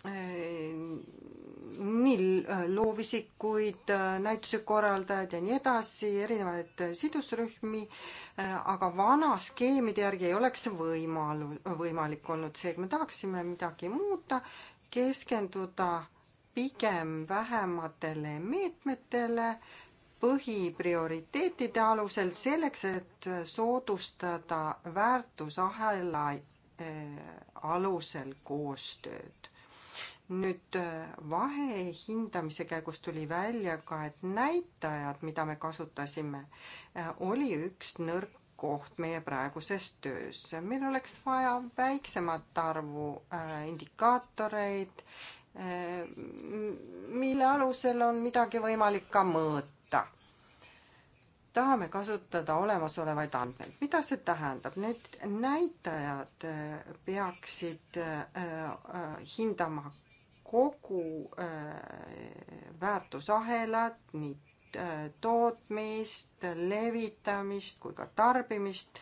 eh, nii loovisikuid, näitusekorraldajaid ja nii edasi, erinevaid sidusrühmi, eh, aga vana skeemide järgi ei oleks see võimalu-, võimalik olnud, seega me tahaksime midagi muuta, keskenduda pigem vähematele meetmetele põhiprioriteetide alusel selleks, et soodustada väärtusahela eh, alusel koostööd. nüüd eh, vahe hindamise käigus tuli välja ka, et näitajad, mida me kasutasime, eh, oli üks nõrk koht meie praeguses töös. meil oleks vaja väiksemat arvu indikaatoreid, mille alusel on midagi võimalik ka mõõta võtta. tahame kasutada olemasolevaid andmeid. mida see tähendab? Need näitajad äh, peaksid äh, äh, hindama kogu väärtusahelat, nii tootmist, levitamist kui ka tarbimist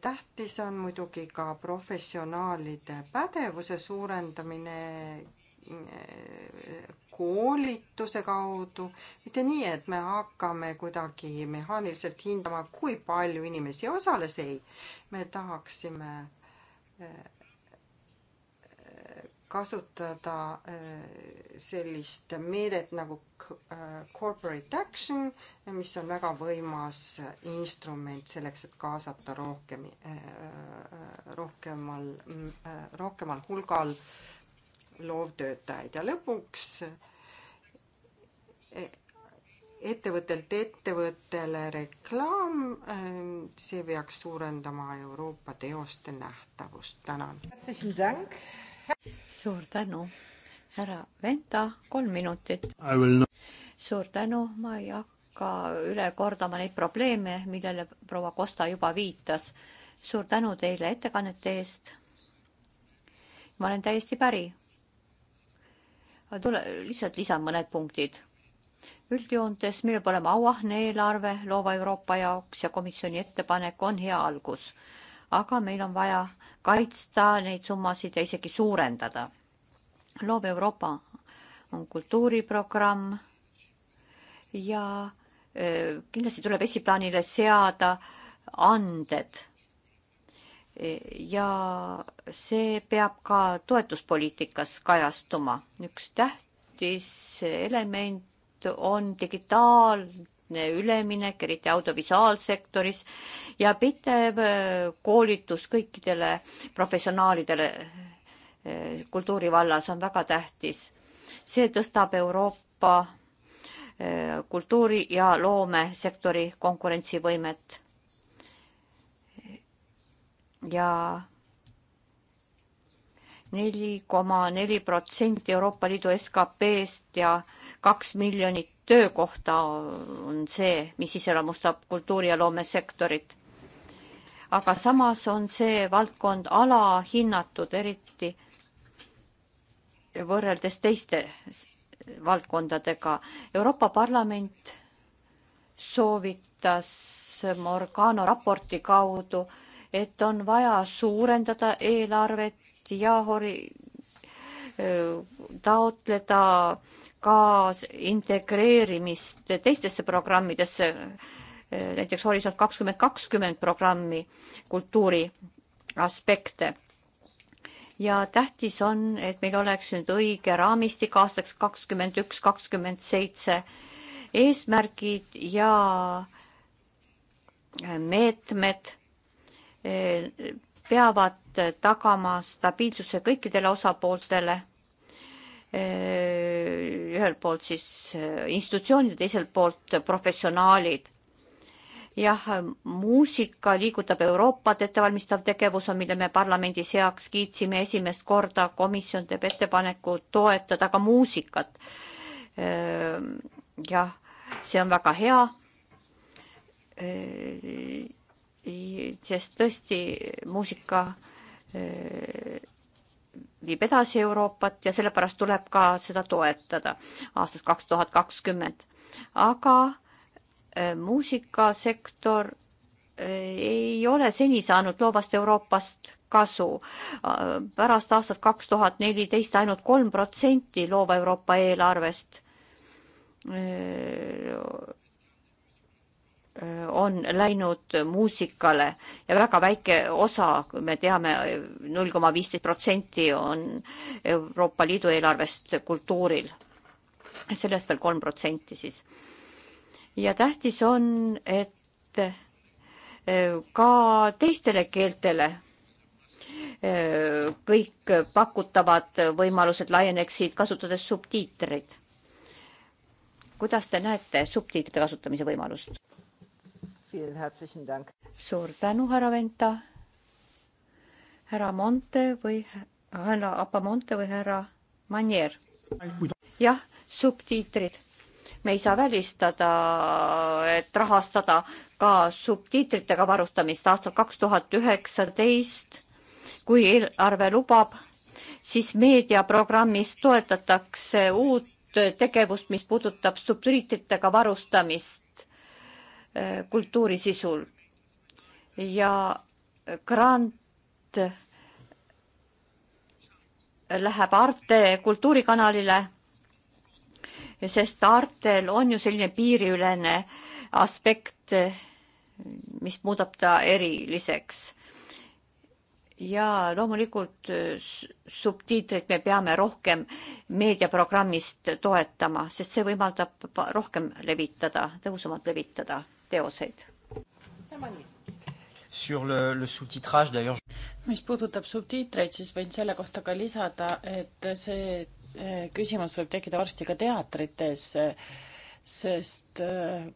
tähtis on muidugi ka professionaalide pädevuse suurendamine koolituse kaudu, mitte nii, et me hakkame kuidagi mehaaniliselt hindama, kui palju inimesi osales, ei. me tahaksime eh, kasutada eh, sellist meedet nagu eh, corporate action, mis on väga võimas instrument selleks, et kaasata rohkem, rohkemal, rohkemal hulgal äh, loovtöötajaid ja lõpuks e, ettevõttelt ettevõttele reklaam, e, see peaks suurendama Euroopa teoste nähtavust. tänan. suur tänu, härra Venta, kolm minutit. suur tänu, ma ei hakka üle kordama neid probleeme, millele proua Kosta juba viitas. suur tänu teile ettekannete eest. ma olen täiesti päri aga tule, lihtsalt lisan mõned punktid. üldjoontes meil peab olema auahne eelarve loova Euroopa jaoks ja komisjoni ettepanek on hea algus. aga meil on vaja kaitsta neid summasid ja isegi suurendada. loov Euroopa on kultuuriprogramm ja öö, eh, kindlasti tuleb esiplaanile seada anded ja see peab ka toetuspoliitikas kajastuma. üks tähtis element on digitaalne üleminek, eriti audiovisuaalsektoris ja pidev äh, koolitus kõikidele professionaalidele äh, kultuuri vallas on väga tähtis. see tõstab Euroopa äh, kultuuri ja loomesektori konkurentsivõimet ja neli koma neli protsenti Euroopa Liidu SKP-st ja kaks miljonit töökohta on see, mis iseloomustab kultuuri- ja loomesektorit. aga samas on see valdkond alahinnatud, eriti võrreldes teiste valdkondadega. Euroopa Parlament soovitas Morgano raporti kaudu äh, et on vaja suurendada eelarvet ja hori-, taotleda ka integreerimist teistesse programmidesse, näiteks Horisont kakskümmend kakskümmend programmi kultuuri aspekte. ja tähtis on, et meil oleks nüüd õige raamistik aastaks kakskümmend üks, kakskümmend seitse eesmärgid ja meetmed Eh, peavad tagama stabiilsuse kõikidele osapooltele. Eh, ühelt poolt siis eh, institutsioonid, teiselt poolt professionaalid jah, muusika liigutab Euroopat ettevalmistav tegevus on, mille me parlamendis heaks kiitsime esimest korda, komisjon teeb ettepaneku toetada ka muusikat. jah, see on väga hea sest tõesti muusika viib edasi Euroopat ja sellepärast tuleb ka seda toetada aastast kaks tuhat kakskümmend. aga muusikasektor ei ole seni saanud loovast Euroopast kasu. pärast aastat kaks tuhat neliteist ainult kolm protsenti loova Euroopa eelarvest on läinud muusikale ja väga väike osa, me teame, null koma viisteist protsenti on Euroopa Liidu eelarvest kultuuril. sellest veel kolm protsenti siis. ja tähtis on, et eh, ka teistele keeltele eh, kõik pakutavad võimalused laieneksid, kasutades subtiitreid. kuidas te näete subtiitrite kasutamise võimalust? suur tänu, härra Venta. härra Monte või härra Apamonte või härra Manier? jah, subtiitrid. me ei saa välistada, et rahastada ka subtiitritega varustamist aastal kaks tuhat üheksateist, kui eelarve lubab, siis meediaprogrammis toetatakse uut tegevust, mis puudutab subtiitritega varustamist Äh, kultuuri sisul. ja grant äh, läheb Arte kultuurikanalile, sest Artel on ju selline piiriülene aspekt, mis muudab ta eriliseks. ja loomulikult äh, subtiitreid me peame rohkem meediaprogrammist toetama, sest see võimaldab rohkem levitada, tõhusamalt levitada teoseid. mis puudutab subtiitreid, siis võin selle kohta ka lisada, et see eh, küsimus võib tekkida varsti ka teatrites, sest eh,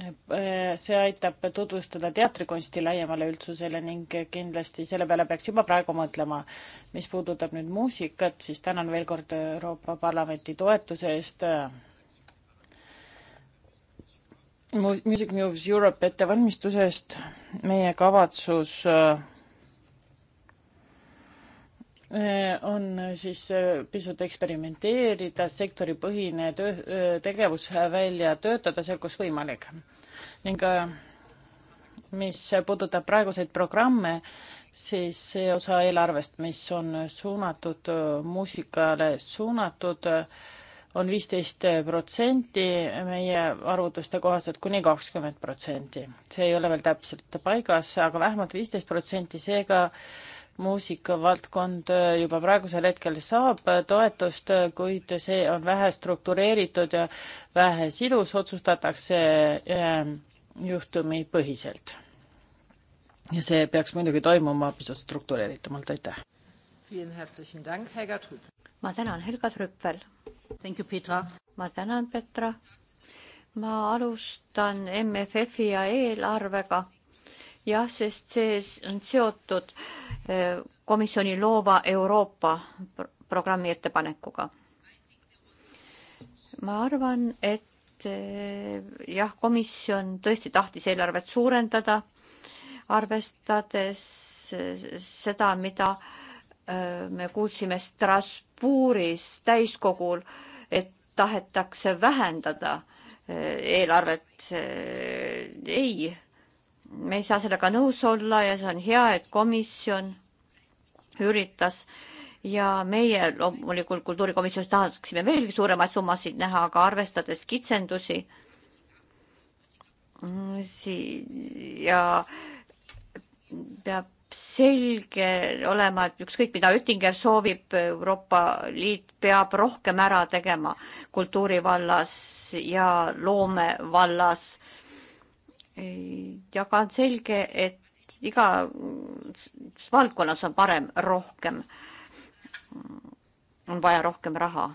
eh, see aitab tutvustada teatrikunsti laiemale üldsusele ning kindlasti selle peale peaks juba praegu mõtlema. mis puudutab nüüd muusikat, siis tänan veel kord Euroopa Parlamenti toetuse eest Music Moves Europe ettevalmistusest meie kavatsus äh, äh, on äh, siis pisut eksperimenteerida, sektoripõhine töö, tegevus välja töötada seal, kus võimalik. ning mis puudutab praeguseid programme, siis see osa eelarvest, mis on suunatud muusikale, suunatud äh, on viisteist eh, protsenti, meie arvutuste kohaselt kuni kakskümmend protsenti. see ei ole veel täpselt paigas, aga vähemalt viisteist protsenti, seega muusikavaldkond eh, juba praegusel hetkel saab eh, toetust, kuid see on vähe struktureeritud ja vähe sidus, otsustatakse juhtumipõhiselt. ja see peaks muidugi toimuma pisut struktureeritumalt, aitäh! ma tänan, Helga Trüppel! ma tänan, Petra. ma alustan MFF-i ja eelarvega. jah, sest see on seotud eh, komisjoni loova Euroopa programmi ettepanekuga. ma arvan, et eh, jah, komisjon tõesti tahtis eelarvet suurendada, arvestades eh, seda, mida me kuulsime Stras-, Strasbourgis täiskogul, et tahetakse vähendada eh, eelarvet. Eh, ei, me ei saa sellega nõus olla ja see on hea, et komisjon üritas ja meie loomulikult kultuurikomisjonis tahaksime veelgi suuremaid summasid näha, aga arvestades kitsendusi mm, sii- ja peab selge olema, et ükskõik, mida Oettinger soovib, Euroopa Liit peab rohkem ära tegema kultuuri vallas ja loome vallas. ja ka on selge, et igas valdkonnas on parem rohkem, on vaja rohkem raha.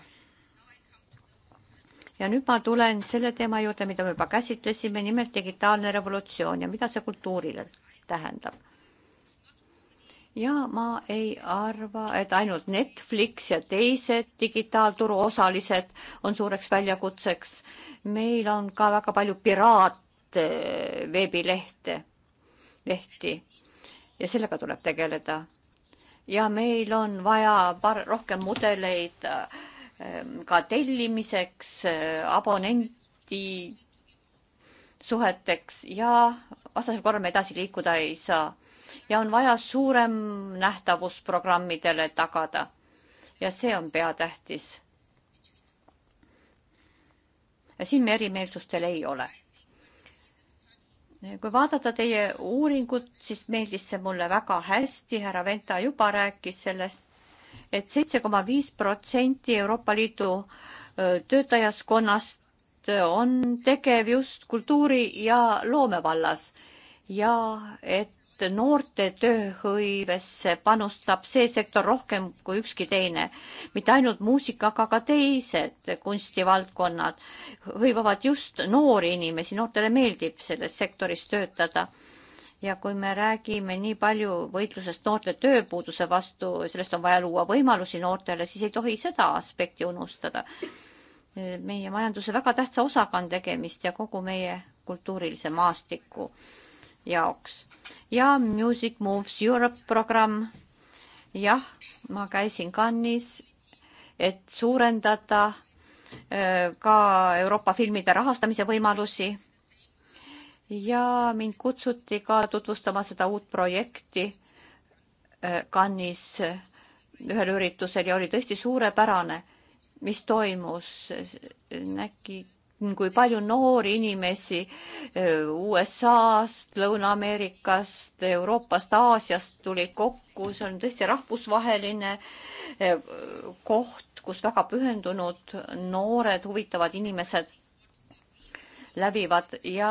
ja nüüd ma tulen selle teema juurde, mida me juba käsitlesime, nimelt digitaalne revolutsioon ja mida see kultuurile tähendab ja ma ei arva, et ainult Netflix ja teised digitaalturu osalised on suureks väljakutseks. meil on ka väga palju piraate eh, veebilehte, lehti ja sellega tuleb tegeleda. ja meil on vaja par-, rohkem mudeleid eh, ka tellimiseks, eh, abonenti suheteks ja vastasel korral me edasi liikuda ei saa ja on vaja suurem nähtavus programmidele tagada. ja see on peatähtis. ja siin me erimeelsustel ei ole. kui vaadata teie uuringut, siis meeldis see mulle väga hästi, härra Venta juba rääkis sellest, et seitse koma viis protsenti Euroopa Liidu töötajaskonnast on tegev just kultuuri ja loomevallas ja et et noorte tööhõivesse panustab see sektor rohkem kui ükski teine. mitte ainult muusika, aga ka teised kunstivaldkonnad hõivavad just noori inimesi, noortele meeldib selles sektoris töötada ja kui me räägime nii palju võitlusest noorte tööpuuduse vastu, sellest on vaja luua võimalusi noortele, siis ei tohi seda aspekti unustada. meie majanduse väga tähtsa osaga on tegemist ja kogu meie kultuurilise maastiku jaoks ja Music Moves Europe programm. jah, ma käisin Cannes'is, et suurendada ka Euroopa filmide rahastamise võimalusi. ja mind kutsuti ka tutvustama seda uut projekti Cannes'is ühel üritusel ja oli tõesti suurepärane, mis toimus. nägi kui palju noori inimesi eh, USA-st, Lõuna-Ameerikast, Euroopast, Aasiast tuli kokku, see on tõesti rahvusvaheline eh, koht, kus väga pühendunud noored, huvitavad inimesed läbivad ja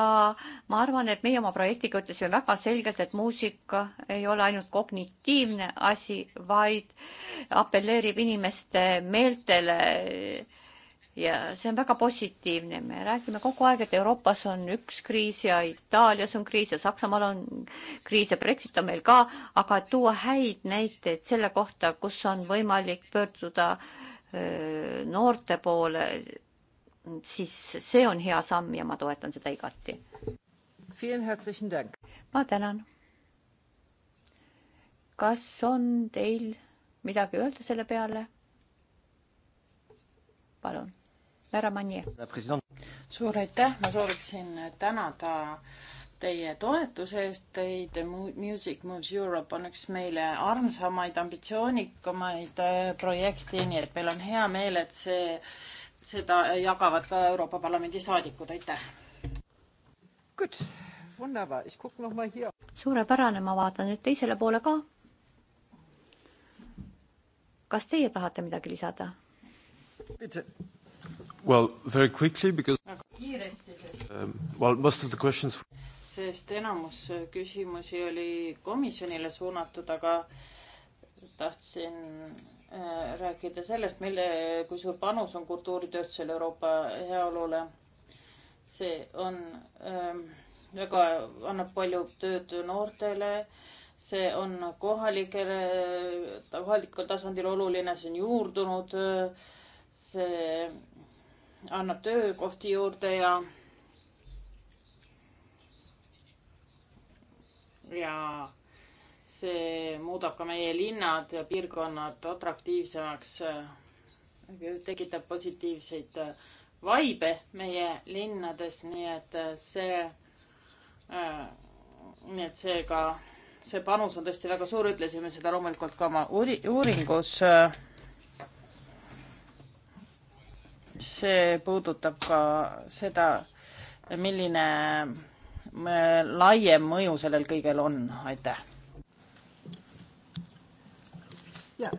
ma arvan, et meie oma projektiga ütlesime väga selgelt, et muusika ei ole ainult kognitiivne asi, vaid apelleerib inimeste meeltele ja see on väga positiivne, me räägime kogu aeg, et Euroopas on üks kriis ja Itaalias on kriis ja Saksamaal on kriis ja Brexit on meil ka, aga tuua häid näiteid selle kohta, kus on võimalik pöörduda noorte poole, siis see on hea samm ja ma toetan seda igati. ma tänan. kas on teil midagi öelda selle peale? palun härra Manje. suur aitäh, ma sooviksin tänada teie toetuse eest, teid Music Moves Europe on üks meile armsamaid, ambitsioonikamaid äh, projekti, nii et meil on hea meel, et see, seda jagavad ka Euroopa Parlamendi saadikud, aitäh. suurepärane, ma vaatan nüüd teisele poole ka. kas teie tahate midagi lisada? Well, very quickly because väga kiiresti, sest um, well, most of the questions sest enamus äh, küsimusi oli komisjonile suunatud, aga tahtsin äh, rääkida sellest, mille, kui suur panus on kultuuritööstusel Euroopa heaolule. see on ähm, väga, annab palju tööd noortele, see on kohalikele, kohalikul tasandil oluline, see on juurdunud, äh, see annab töökohti juurde ja ja see muudab ka meie linnad ja piirkonnad atraktiivsemaks, tekitab positiivseid äh, vaibe meie linnades, nii et äh, see, äh, nii et seega see panus on tõesti väga suur, ütlesime seda loomulikult ka oma uuringus see puudutab ka seda, milline äh, laiem mõju sellel kõigel on, aitäh. ja,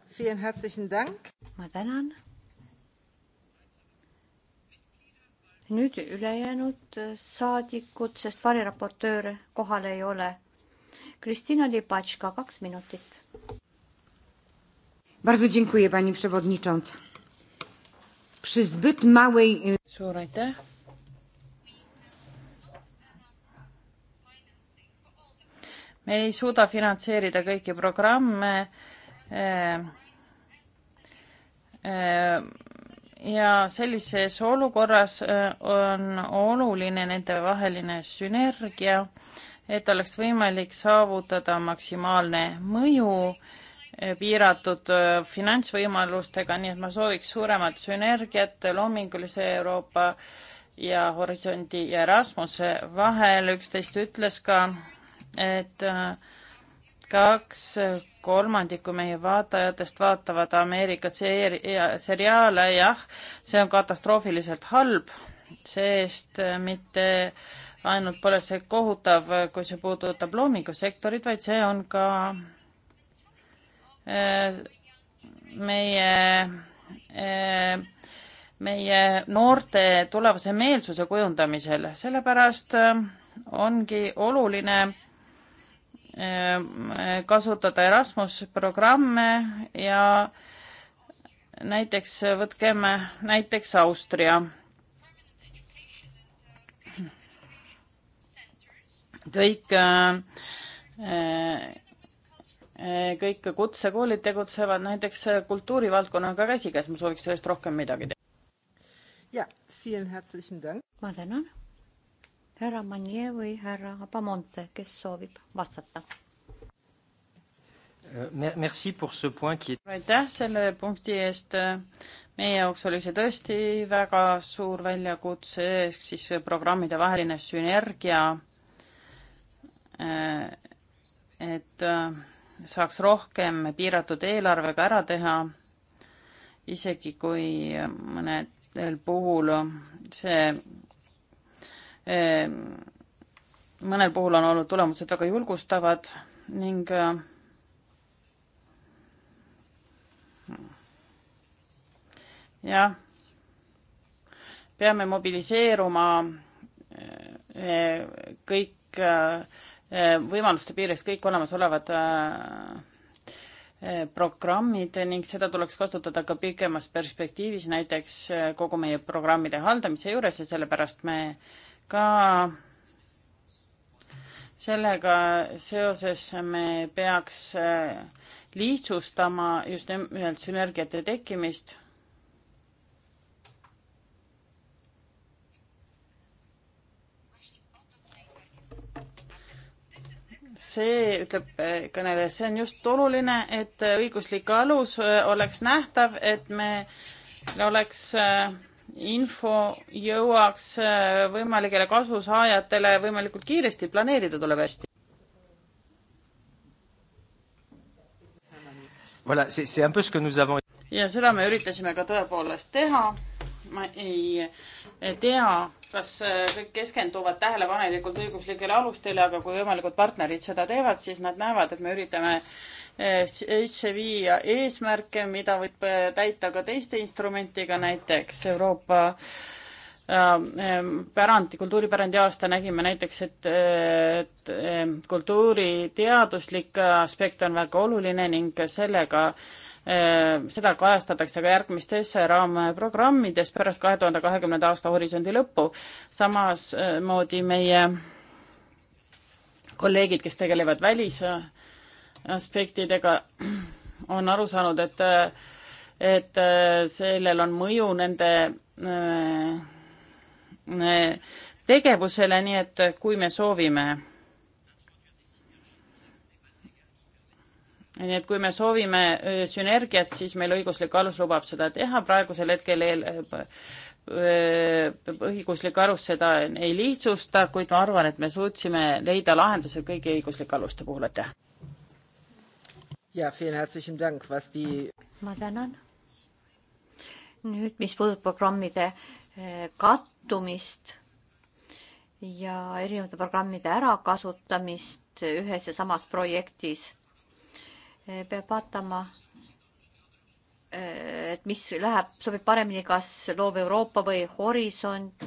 ma tänan. nüüd ülejäänud äh, saadikud, sest variraportööre kohal ei ole. Kristina Libatška, kaks minutit. Bardzo dziękuję pani przewodnicząca przy zbyt małej... Suur aitäh! me ei suuda finantseerida kõiki programme e, e, ja sellises olukorras e, on oluline nendevaheline sünergia, et oleks võimalik saavutada maksimaalne mõju äh, piiratud finantsvõimalustega, nii et ma sooviks suuremat sünergiat loomingulise Euroopa ja Horisondi ja Erasmuse vahel. üksteist ütles ka, et kaks kolmandikku meie vaatajatest vaatavad Ameerika seeri-, seriaale, jah, see on katastroofiliselt halb, sest mitte ainult pole see kohutav, kui see puudutab loomingusektorit, vaid see on ka Äh, meie, äh, meie noorte tulevase meelsuse kujundamisel, sellepärast äh, ongi oluline kasutada Erasmus programme ja näiteks võtkem näiteks Austria. kõik äh, Eh, kõik kutsekoolid tegutsevad näiteks eh, kultuurivaldkonnaga käsikäes, ma sooviks sellest rohkem midagi teha. ma tänan. härra Manje või härra Abamonte, kes soovib vastata? Eh, aitäh selle punkti eest. meie jaoks oli see tõesti väga suur väljakutse, ehk siis programmide vaheline sünergia. et saaks rohkem piiratud eelarvega ära teha, isegi kui mõnel puhul see, eh, mõnel puhul on olnud tulemused väga julgustavad ning eh, jah, peame mobiliseeruma eh, kõik Äh, võimaluste piires kõik olemasolevad äh, äh, programmid ning seda tuleks kasutada ka pikemas perspektiivis, näiteks kogu meie programmide haldamise juures ja sellepärast me ka sellega seoses me peaks lihtsustama just nimelt sünergiate tekkimist see ütleb äh, kõneleja, see on just oluline, et äh, õiguslik alus äh, oleks nähtav, et me oleks, info jõuaks võimalikele kasusaajatele võimalikult kiiresti, planeerida tuleb hästi. ja seda me üritasime ka tõepoolest teha. ma ei tea kas äh, kõik keskenduvad tähelepanelikult õiguslikele alustele, aga kui võimalikud partnerid seda teevad, siis nad näevad, et me üritame äh, sisse viia eesmärke, mida võib äh, täita ka teiste instrumentiga, näiteks Euroopa ähm, pärandi, kultuuripärandi aasta nägime näiteks, et, et kultuuri teaduslik aspekt on väga oluline ning sellega äh, Äh, seda kajastatakse ka järgmistes äh, raamprogrammides pärast kahe tuhande kahekümnenda aasta horisondi lõppu. samasmoodi äh, meie kolleegid, kes tegelevad välisaspektidega, (clears throat) on aru saanud, et, et sellel on mõju nende tegevusele, nii et kui me soovime nii et kui me soovime äh, sünergiat, siis meil õiguslik alus lubab seda teha, praegusel hetkel eel, äh, äh, õiguslik alus seda ei lihtsusta, kuid ma arvan, et me suutsime leida lahenduse kõigi õiguslike aluste puhul, aitäh. ma tänan. nüüd, mis puudutab programmide kattumist ja erinevate programmide ärakasutamist ühes ja samas projektis peab vaatama, et mis läheb, sobib paremini, kas loov Euroopa või Horisont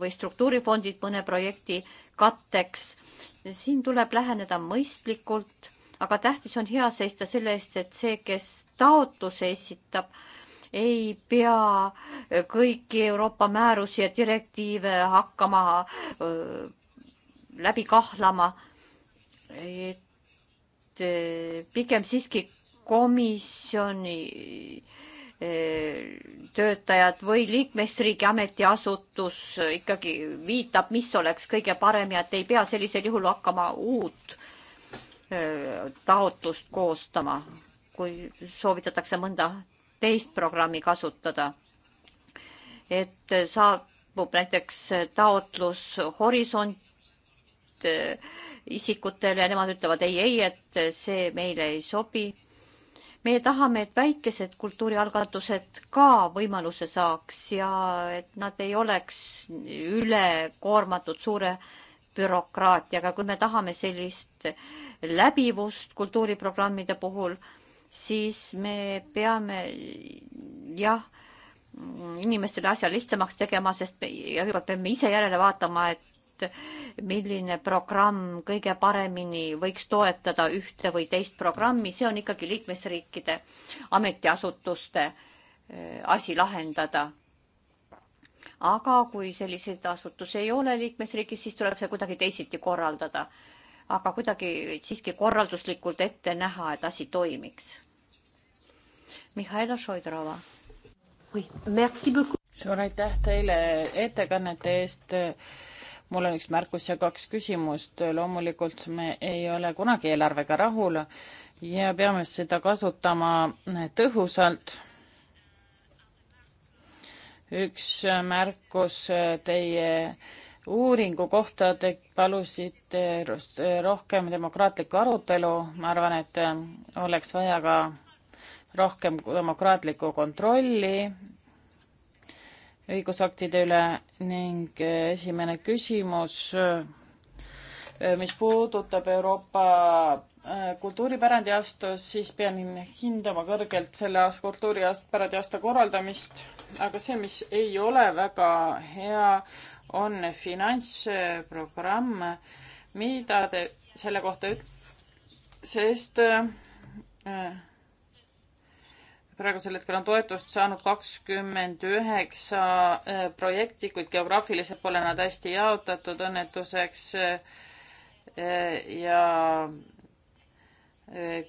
või struktuurifondid mõne projekti katteks. siin tuleb läheneda mõistlikult, aga tähtis on hea seista selle eest, et see, kes taotluse esitab, ei pea kõiki Euroopa määrusi ja direktiive hakkama öö, äh, läbi kahlama. et Eh, pigem siiski komisjoni eh, töötajad või liikmesriigi ametiasutus ikkagi viitab, mis oleks kõige parem ja et ei pea sellisel juhul hakkama uut eh, taotlust koostama, kui soovitatakse mõnda teist programmi kasutada. et saabub näiteks taotlus Horisont Äh, isikutele ja nemad ütlevad ei, ei, et äh, see meile ei sobi. meie tahame, et väikesed kultuurialgatused ka võimaluse saaks ja et nad ei oleks ülekoormatud suure bürokraatiaga, kui me tahame sellist läbivust kultuuriprogrammide puhul, siis me peame jah, inimestele asja lihtsamaks tegema, sest me kõigepealt peame ise järele vaatama, et et milline programm kõige paremini võiks toetada ühte või teist programmi, see on ikkagi liikmesriikide ametiasutuste eh, asi lahendada. aga kui selliseid asutusi ei ole liikmesriigis, siis tuleb see kuidagi teisiti korraldada. aga kuidagi siiski korralduslikult ette näha, et asi toimiks. Mihhail Šoidrova. suur aitäh teile ettekannete eest mul on üks märkus ja kaks küsimust. loomulikult me ei ole kunagi eelarvega rahul ja peame seda kasutama tõhusalt. üks märkus teie uuringu kohta te palusite rohkem demokraatlikku arutelu, ma arvan, et oleks vaja ka rohkem demokraatlikku kontrolli õigusaktide üle ning eh, esimene küsimus, eh, mis puudutab Euroopa eh, kultuuripärandi aastas, siis pean hindama kõrgelt selle kultuuripärandi aasta korraldamist, aga see, mis ei ole väga hea, on finantsprogramm, mida te selle kohta üt-, sest äh, praegusel hetkel on toetust saanud kakskümmend üheksa äh, projekti, kuid geograafiliselt pole nad hästi jaotatud õnnetuseks äh, äh, ja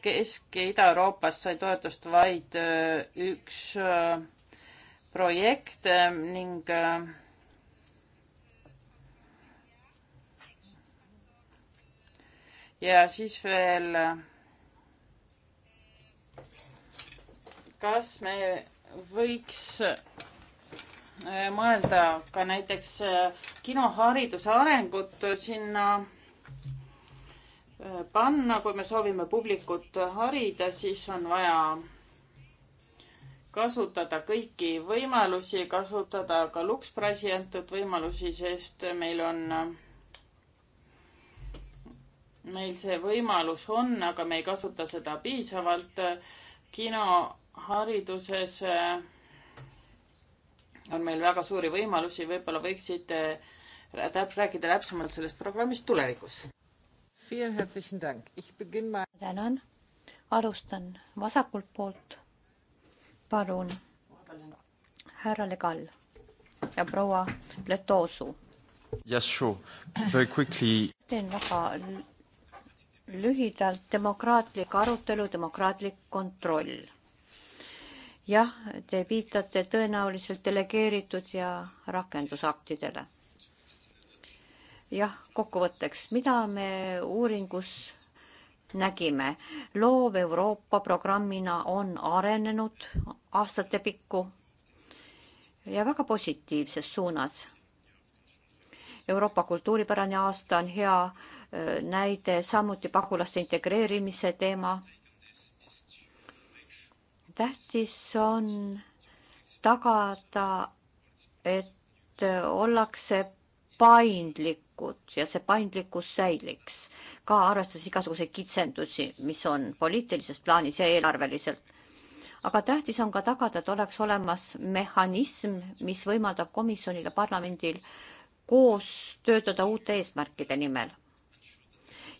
Kesk- ja Ida-Euroopas sai toetust vaid üks projekt ning ja siis veel kas me võiks äh, mõelda ka näiteks äh, kinohariduse arengut sinna äh, panna, kui me soovime publikut harida, siis on vaja kasutada kõiki võimalusi, kasutada ka Luksprasi antud võimalusi, sest meil on, meil see võimalus on, aga me ei kasuta seda piisavalt. kino hariduses äh, on meil väga suuri võimalusi, võib-olla võiksite täp-, rääkida täpsemalt sellest programmist tulevikus. tänan, alustan vasakult poolt. palun, härra Legal ja proua Pletosu. Yes, sure. Very quickly. teen väga lühidalt demokraatlik arutelu, demokraatlik kontroll jah, te viitate tõenäoliselt delegeeritud ja rakendusaktidele. jah, kokkuvõtteks, mida me uuringus nägime, loov Euroopa programmina on arenenud aastate pikku ja väga positiivses suunas. Euroopa kultuuripärane aasta on hea äh, näide, samuti pagulaste integreerimise teema tähtis on tagada, et ollakse paindlikud ja see paindlikkus säiliks, ka arvestades igasuguseid kitsendusi, mis on poliitilises plaanis ja eelarveliselt. aga tähtis on ka tagada, et oleks olemas mehhanism, mis võimaldab komisjonil ja parlamendil koos töötada uute eesmärkide nimel.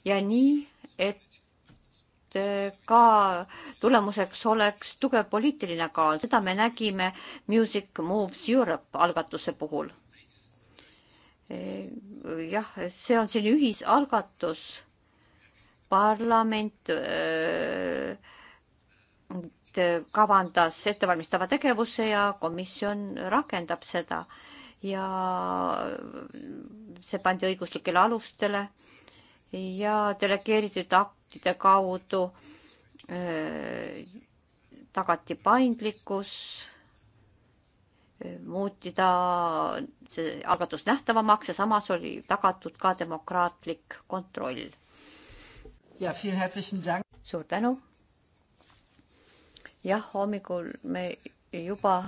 ja nii, et Äh, ka tulemuseks oleks tugev poliitiline kaal, seda me nägime Music Moves Europe algatuse puhul. Äh, jah, see on selline ühisalgatus, parlament öö, äh, kavandas ettevalmistava tegevuse ja komisjon rakendab seda ja see pandi õiguslikele alustele ja delegeeritud aktide kaudu tagati paindlikkus, muuti ta see algatus nähtavamaks ja samas oli tagatud ka demokraatlik kontroll. suur tänu. jah, hommikul me juba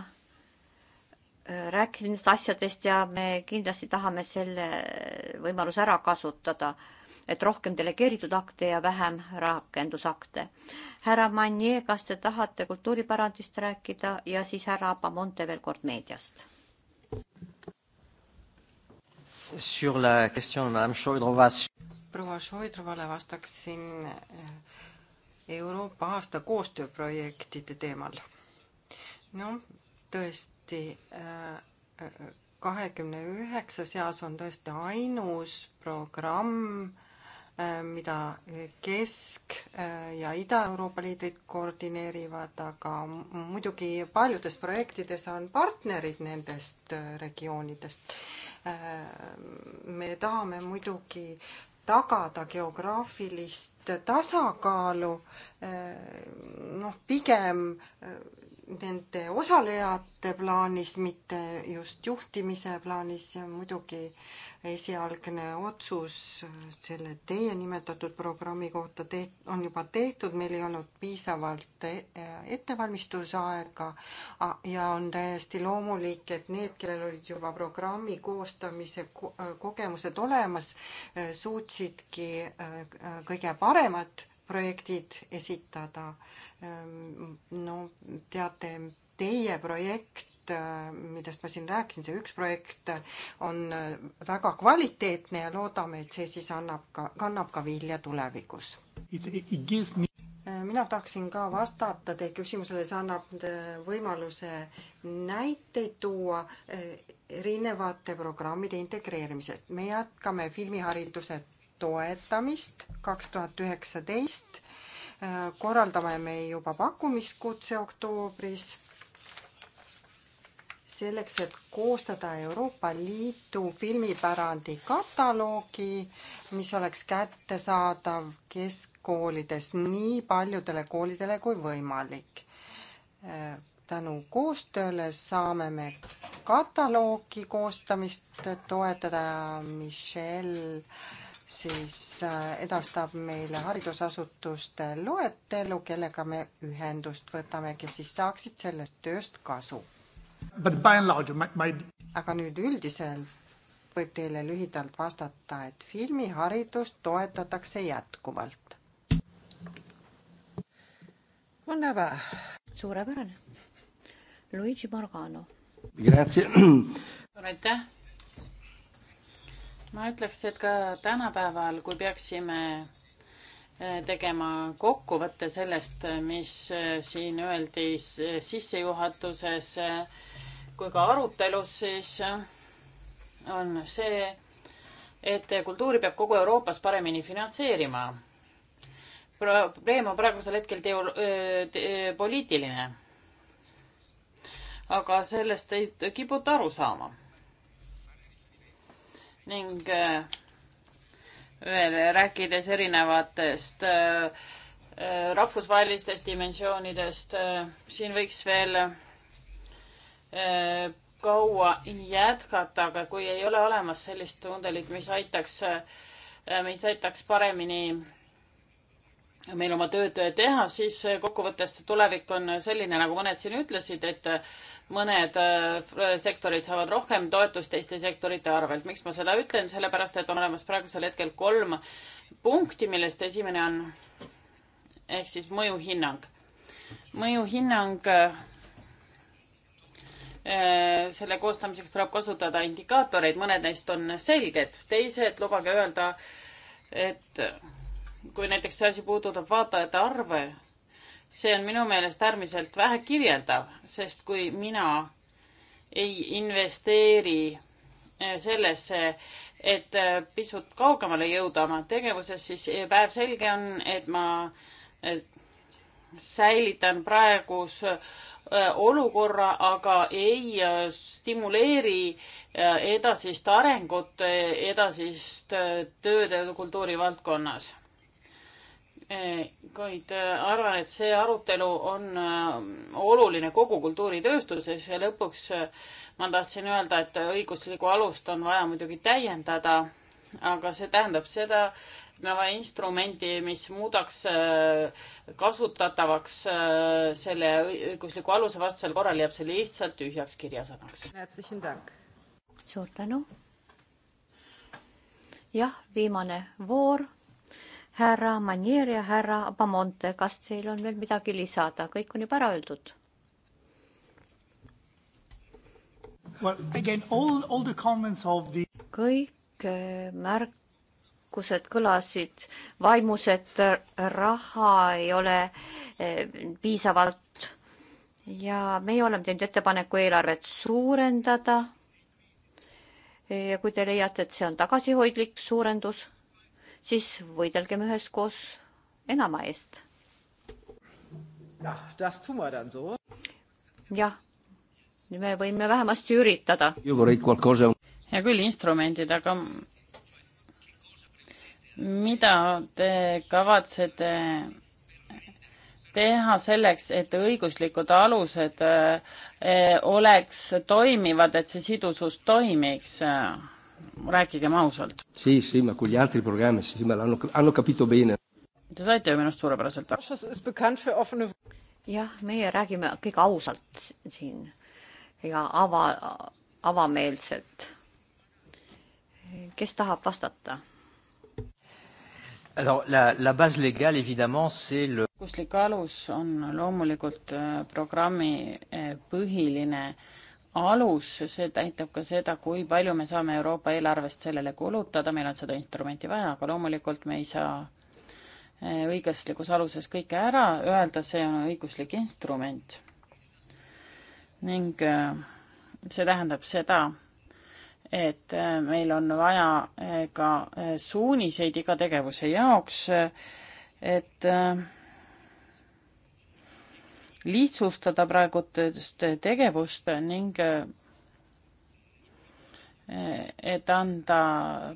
rääkisime nendest asjadest ja me kindlasti tahame selle võimaluse ära kasutada et rohkem delegeeritud akte ja vähem rakendusakte. härra Manje, kas te tahate kultuuripärandist rääkida ja siis härra Abamonte veel kord meediast? proua Šoidrovale vastaksin eh, Euroopa aasta koostööprojektide teemal. no tõesti eh, kahekümne üheksa seas on tõesti ainus programm, Äh, mida Kesk- äh, ja Ida-Euroopa liidrid koordineerivad, aga muidugi paljudes projektides on partnerid nendest äh, regioonidest. me tahame muidugi tagada geograafilist tasakaalu, noh, pigem nende osalejate plaanis, mitte just juhtimise plaanis ja muidugi esialgne otsus selle teie nimetatud programmi kohta teht-, on juba tehtud, meil ei olnud piisavalt e-, ettevalmistusaega ja on täiesti loomulik, et need, kellel olid juba programmi koostamise ko kogemused olemas, e, suutsidki e, kõige paremad projektid esitada Ehm, no teate, teie projekt äh, millest ma siin rääkisin, see üks projekt äh, on äh, väga kvaliteetne ja loodame, et see siis annab ka, kannab ka vilja tulevikus. Me... mina tahaksin ka vastata teie küsimusele, see annab võimaluse näiteid tuua erinevate programmide integreerimisest. me jätkame filmihariduse toetamist kaks tuhat üheksateist korraldame me juba pakkumiskutse oktoobris selleks, et koostada Euroopa Liidu filmipärandi kataloogi, mis oleks kättesaadav keskkoolides nii paljudele koolidele kui võimalik. tänu koostööle saame me kataloogi koostamist toetada. Michelle siis äh, edastab meile haridusasutuste loetelu, kellega me ühendust võtame, kes siis saaksid sellest tööst kasu. My... aga nüüd üldiselt võib teile lühidalt vastata, et filmiharidust toetatakse jätkuvalt. suurepärane. Luigi Morgano. (clears throat) suur aitäh ma ütleks, et ka tänapäeval, kui peaksime äh, tegema kokkuvõtte sellest, äh, mis äh, siin öeldi sissejuhatuses kui ka arutelus, siis on see, et kultuuri peab kogu Euroopas paremini finantseerima. probleem on praegusel hetkel teo-, te, poliitiline. aga sellest ei kiputa aru saama ning äh, veel rääkides erinevatest äh, äh, rahvusvahelistest dimensioonidest, siin võiks veel kaua jätkata, aga kui ei ole olemas sellist tundelit, mis aitaks, mis aitaks paremini meil oma tööd teha, siis kokkuvõttes tulevik on selline, nagu mõned siin ütlesid, et mõned äh, sektorid saavad rohkem toetust teiste sektorite arvelt. miks ma seda ütlen, sellepärast et on olemas praegusel hetkel kolm punkti, millest esimene on ehk siis mõjuhinnang. mõjuhinnang, äh, selle koostamiseks tuleb kasutada indikaatoreid, mõned neist on selged, teised, lubage öelda, et kui näiteks see asi puudutab vaatajate arve, see on minu meelest äärmiselt vähe kirjeldav, sest kui mina ei investeeri eh, sellesse, et eh, pisut kaugemale jõuda oma tegevuses, siis eh, päevselge on, et ma säilitan praegus olukorra, aga ei stimuleeri edasist arengut, edasist tööd kultuurivaldkonnas kuid äh, arvan, et see arutelu on äh, oluline kogu kultuuritööstuses ja lõpuks äh, ma tahtsin öelda, et õiguslikku alust on vaja muidugi täiendada, aga see tähendab seda, et meil on vaja instrumenti, mis muudaks kasutatavaks selle õigusliku aluse vastasel korral jääb see lihtsalt tühjaks kirjasõnaks. suur tänu. jah, viimane voor härra Manier ja härra Abamonte, kas teil on veel midagi lisada, kõik on juba ära öeldud? kõik eh, märkused kõlasid vaimus, et eh, raha ei ole eh, piisavalt ja meie oleme teinud ettepaneku eelarvet suurendada. ja kui te leiate, et see on tagasihoidlik suurendus siis võidelgem üheskoos enama eest. jah, me võime vähemasti üritada. hea küll, instrumendid, aga mida te kavatsete teha selleks, et õiguslikud alused eh, oleks toimivad, et see sidusus toimiks? rääkigem ausalt. siis, siin me kui altri programmis, siis me annu-, annu capito bene. Te saite ju minust suurepäraselt aru. jah, meie räägime kõik ausalt siin ja ava, avameelselt. kes tahab vastata? Alors la, la base légale évidemment c'est le õiguslik alus on loomulikult äh, programmi äh, põhiline äh, alus, see näitab ka seda, kui palju me saame Euroopa eelarvest sellele kulutada, meil on seda instrumenti vaja, aga loomulikult me ei saa eh, õiguslikus aluses kõike ära öelda, see on õiguslik instrument. ning eh, see tähendab seda, et eh, meil on vaja ka suuniseid iga tegevuse jaoks, et äh, lihtsustada praegutest tegevust ning eh, et anda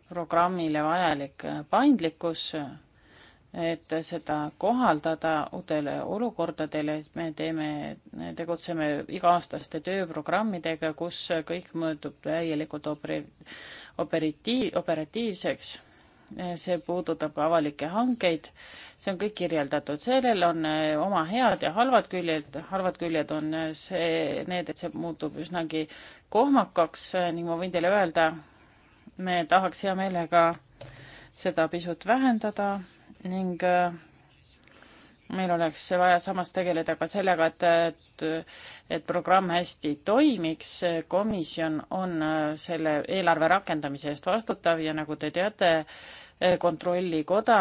programmile vajalik paindlikkus, et seda kohaldada uutele olukordadele, et me teeme, tegutseme iga-aastaste tööprogrammidega, kus kõik mõõtub täielikult operi-, operatiiv, operatiivseks Eh, see puudutab ka avalikke hankeid, see on kõik kirjeldatud, sellel on eh, oma head ja halvad küljed, halvad küljed on eh, see, need, et see muutub üsnagi kohmakaks ning ma võin teile öelda, me tahaks hea meelega seda pisut vähendada ning meil oleks vaja samas tegeleda ka sellega, et, et, et programm hästi toimiks, komisjon on äh, selle eelarve rakendamise eest vastutav ja nagu te teate, äh, kontrollikoda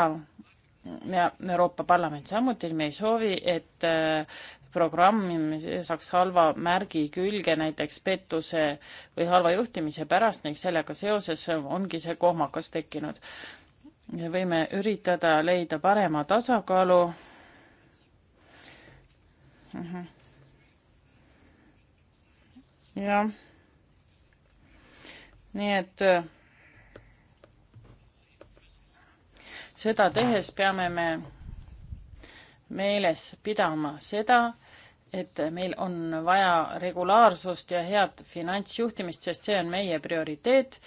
ja Euroopa Parlament samuti, me ei soovi, et äh, programm saaks halva märgi külge näiteks pettuse või halva juhtimise pärast ning sellega seoses ongi see kohmakas tekkinud. me võime üritada leida parema tasakaalu Mhm. jah. nii et äh, seda tehes peame me meeles pidama seda, et meil on vaja regulaarsust ja head finantsjuhtimist, sest see on meie prioriteet.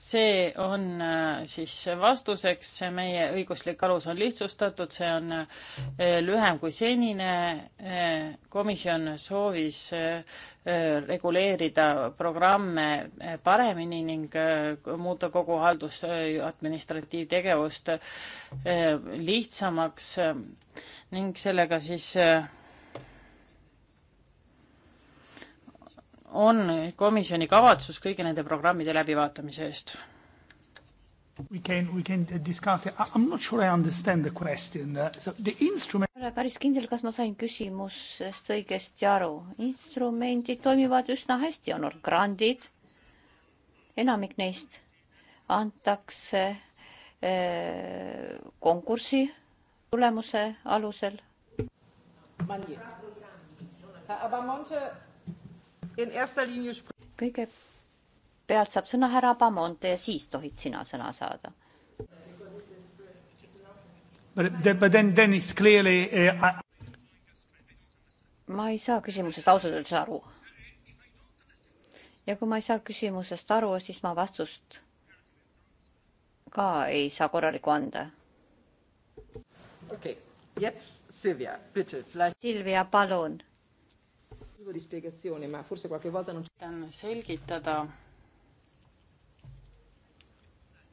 see on äh, siis vastuseks, meie õiguslik alus on lihtsustatud, see on äh, lühem kui senine. Äh, komisjon soovis reguleerida programme paremini ning muuta kogu haldus- administratiivtegevust lihtsamaks ning sellega siis on komisjoni kavatsus kõigi nende programmide läbivaatamise eest? We can, we can discuss it. I am not sure I understand the question. Uh, so the instrument. ma ei ole päris kindel, kas ma sain küsimusest õigesti aru. instrumendid toimivad üsna hästi, on olnud grandid. enamik neist antakse eh, konkursi tulemuse alusel. Abbamonte kõigepealt saab sõna härra Pamonte ja siis tohid sina sõna saada. Eh, ma ei saa küsimusest ausalt öeldes aru. ja kui ma ei saa küsimusest aru, siis ma vastust ka ei saa korralikku anda. okei okay., Silvia, palun üritan selgitada.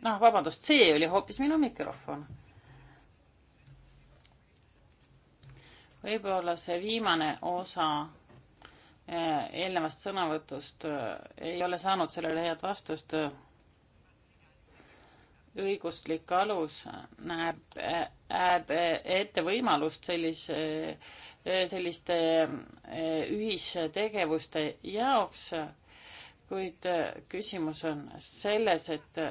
noh, vabandust, see oli hoopis minu mikrofon. võib-olla see viimane osa eh, eelnevast sõnavõtust eh, ei ole saanud sellele head vastust. õiguslik alus näeb, näeb eh, ette võimalust sellise Eh, selliste eh, ühistegevuste jaoks, kuid eh, küsimus on selles, et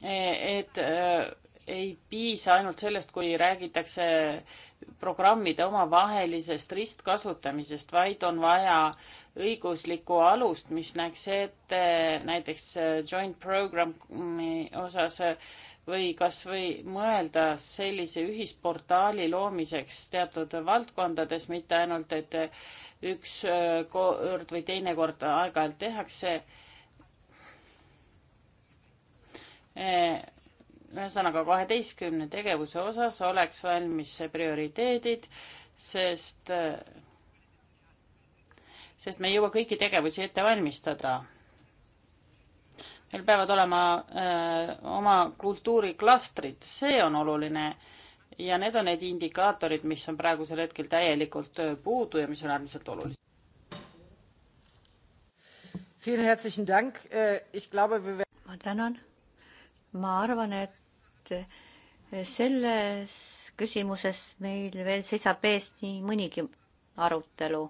et ei piisa ainult sellest, kui räägitakse programmide omavahelisest ristkasutamisest, vaid on vaja õiguslikku alust, mis näeks ette näiteks joint programmi osas või kas või mõelda sellise ühisportaali loomiseks teatud valdkondades, mitte ainult, et üks äh, kord või teine kord aeg-ajalt tehakse. Äh, ühesõnaga kaheteistkümne tegevuse osas oleks valmis prioriteedid, sest, äh, sest me ei jõua kõiki tegevusi ette valmistada meil peavad olema öö, äh, oma kultuuriklastrid, see on oluline ja need on need indikaatorid, mis on praegusel hetkel täielikult äh, puudu ja mis on äärmiselt olulised. Äh, ma tänan. ma arvan, et selles küsimuses meil veel seisab ees nii mõnigi arutelu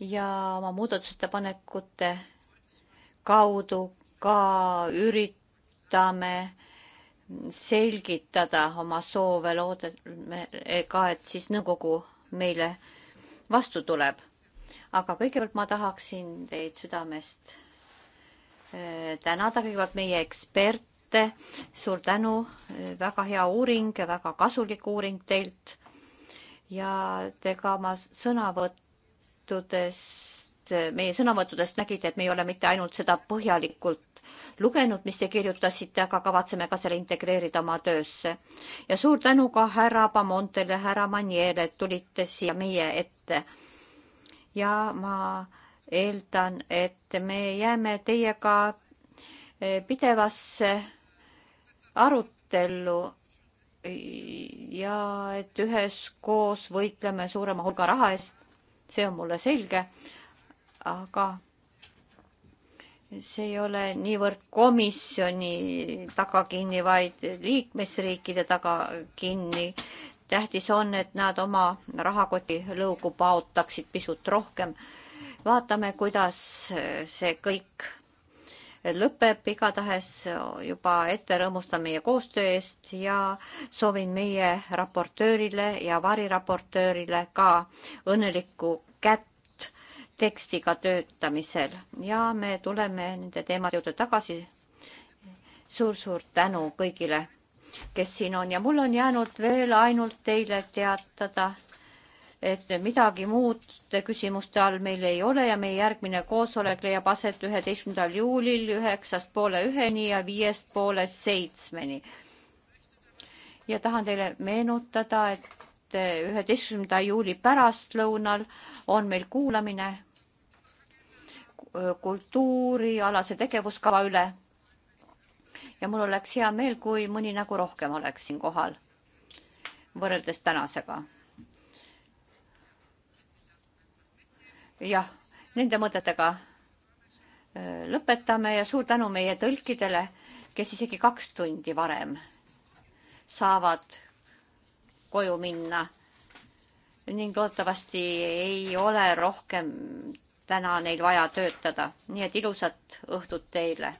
ja oma muudatusettepanekute kaudu ka üritame selgitada oma soove, loodame ka, et siis nõukogu meile vastu tuleb. aga kõigepealt ma tahaksin teid südamest eh, tänada kõigepealt meie eksperte, suur tänu, eh, väga hea uuring ja väga kasulik uuring teilt. ja te ka oma sõnavõttudes meie sõnavõttudest nägite, et me ei ole mitte ainult seda põhjalikult lugenud, mis te kirjutasite, aga kavatseme ka selle integreerida oma töösse. ja suur tänu ka härra Pamontele, härra Maniele, et tulite siia meie ette. ja ma eeldan, et me jääme teiega eh, pidevasse arutellu ja et üheskoos võitleme suurema hulga raha eest, see on mulle selge, aga see ei ole niivõrd komisjoni taga kinni, vaid liikmesriikide taga kinni. tähtis on, et nad oma rahakoti lõugu paotaksid pisut rohkem. vaatame, kuidas see kõik lõpeb, igatahes juba ette rõõmustan meie koostöö eest ja soovin meie raportöörile ja variraportöörile ka õnnelikku kätt tekstiga töötamisel ja me tuleme nende teemade juurde tagasi suur,. suur-suur tänu kõigile, kes siin on ja mul on jäänud veel ainult teile teatada, et midagi muud küsimuste all meil ei ole ja meie järgmine koosolek leiab aset üheteistkümnendal juulil üheksast poole üheni ja viiest poole seitsmeni. ja tahan teile meenutada, et üheteistkümnenda juuli pärastlõunal on meil kuulamine kultuurialase tegevuskava üle. ja mul oleks hea meel, kui mõni nägu rohkem oleks siin kohal võrreldes tänasega. jah, nende mõtetega lõpetame ja suur tänu meie tõlkidele, kes isegi kaks tundi varem saavad koju minna ning loodetavasti ei ole rohkem täna neil vaja töötada, nii et ilusat õhtut teile!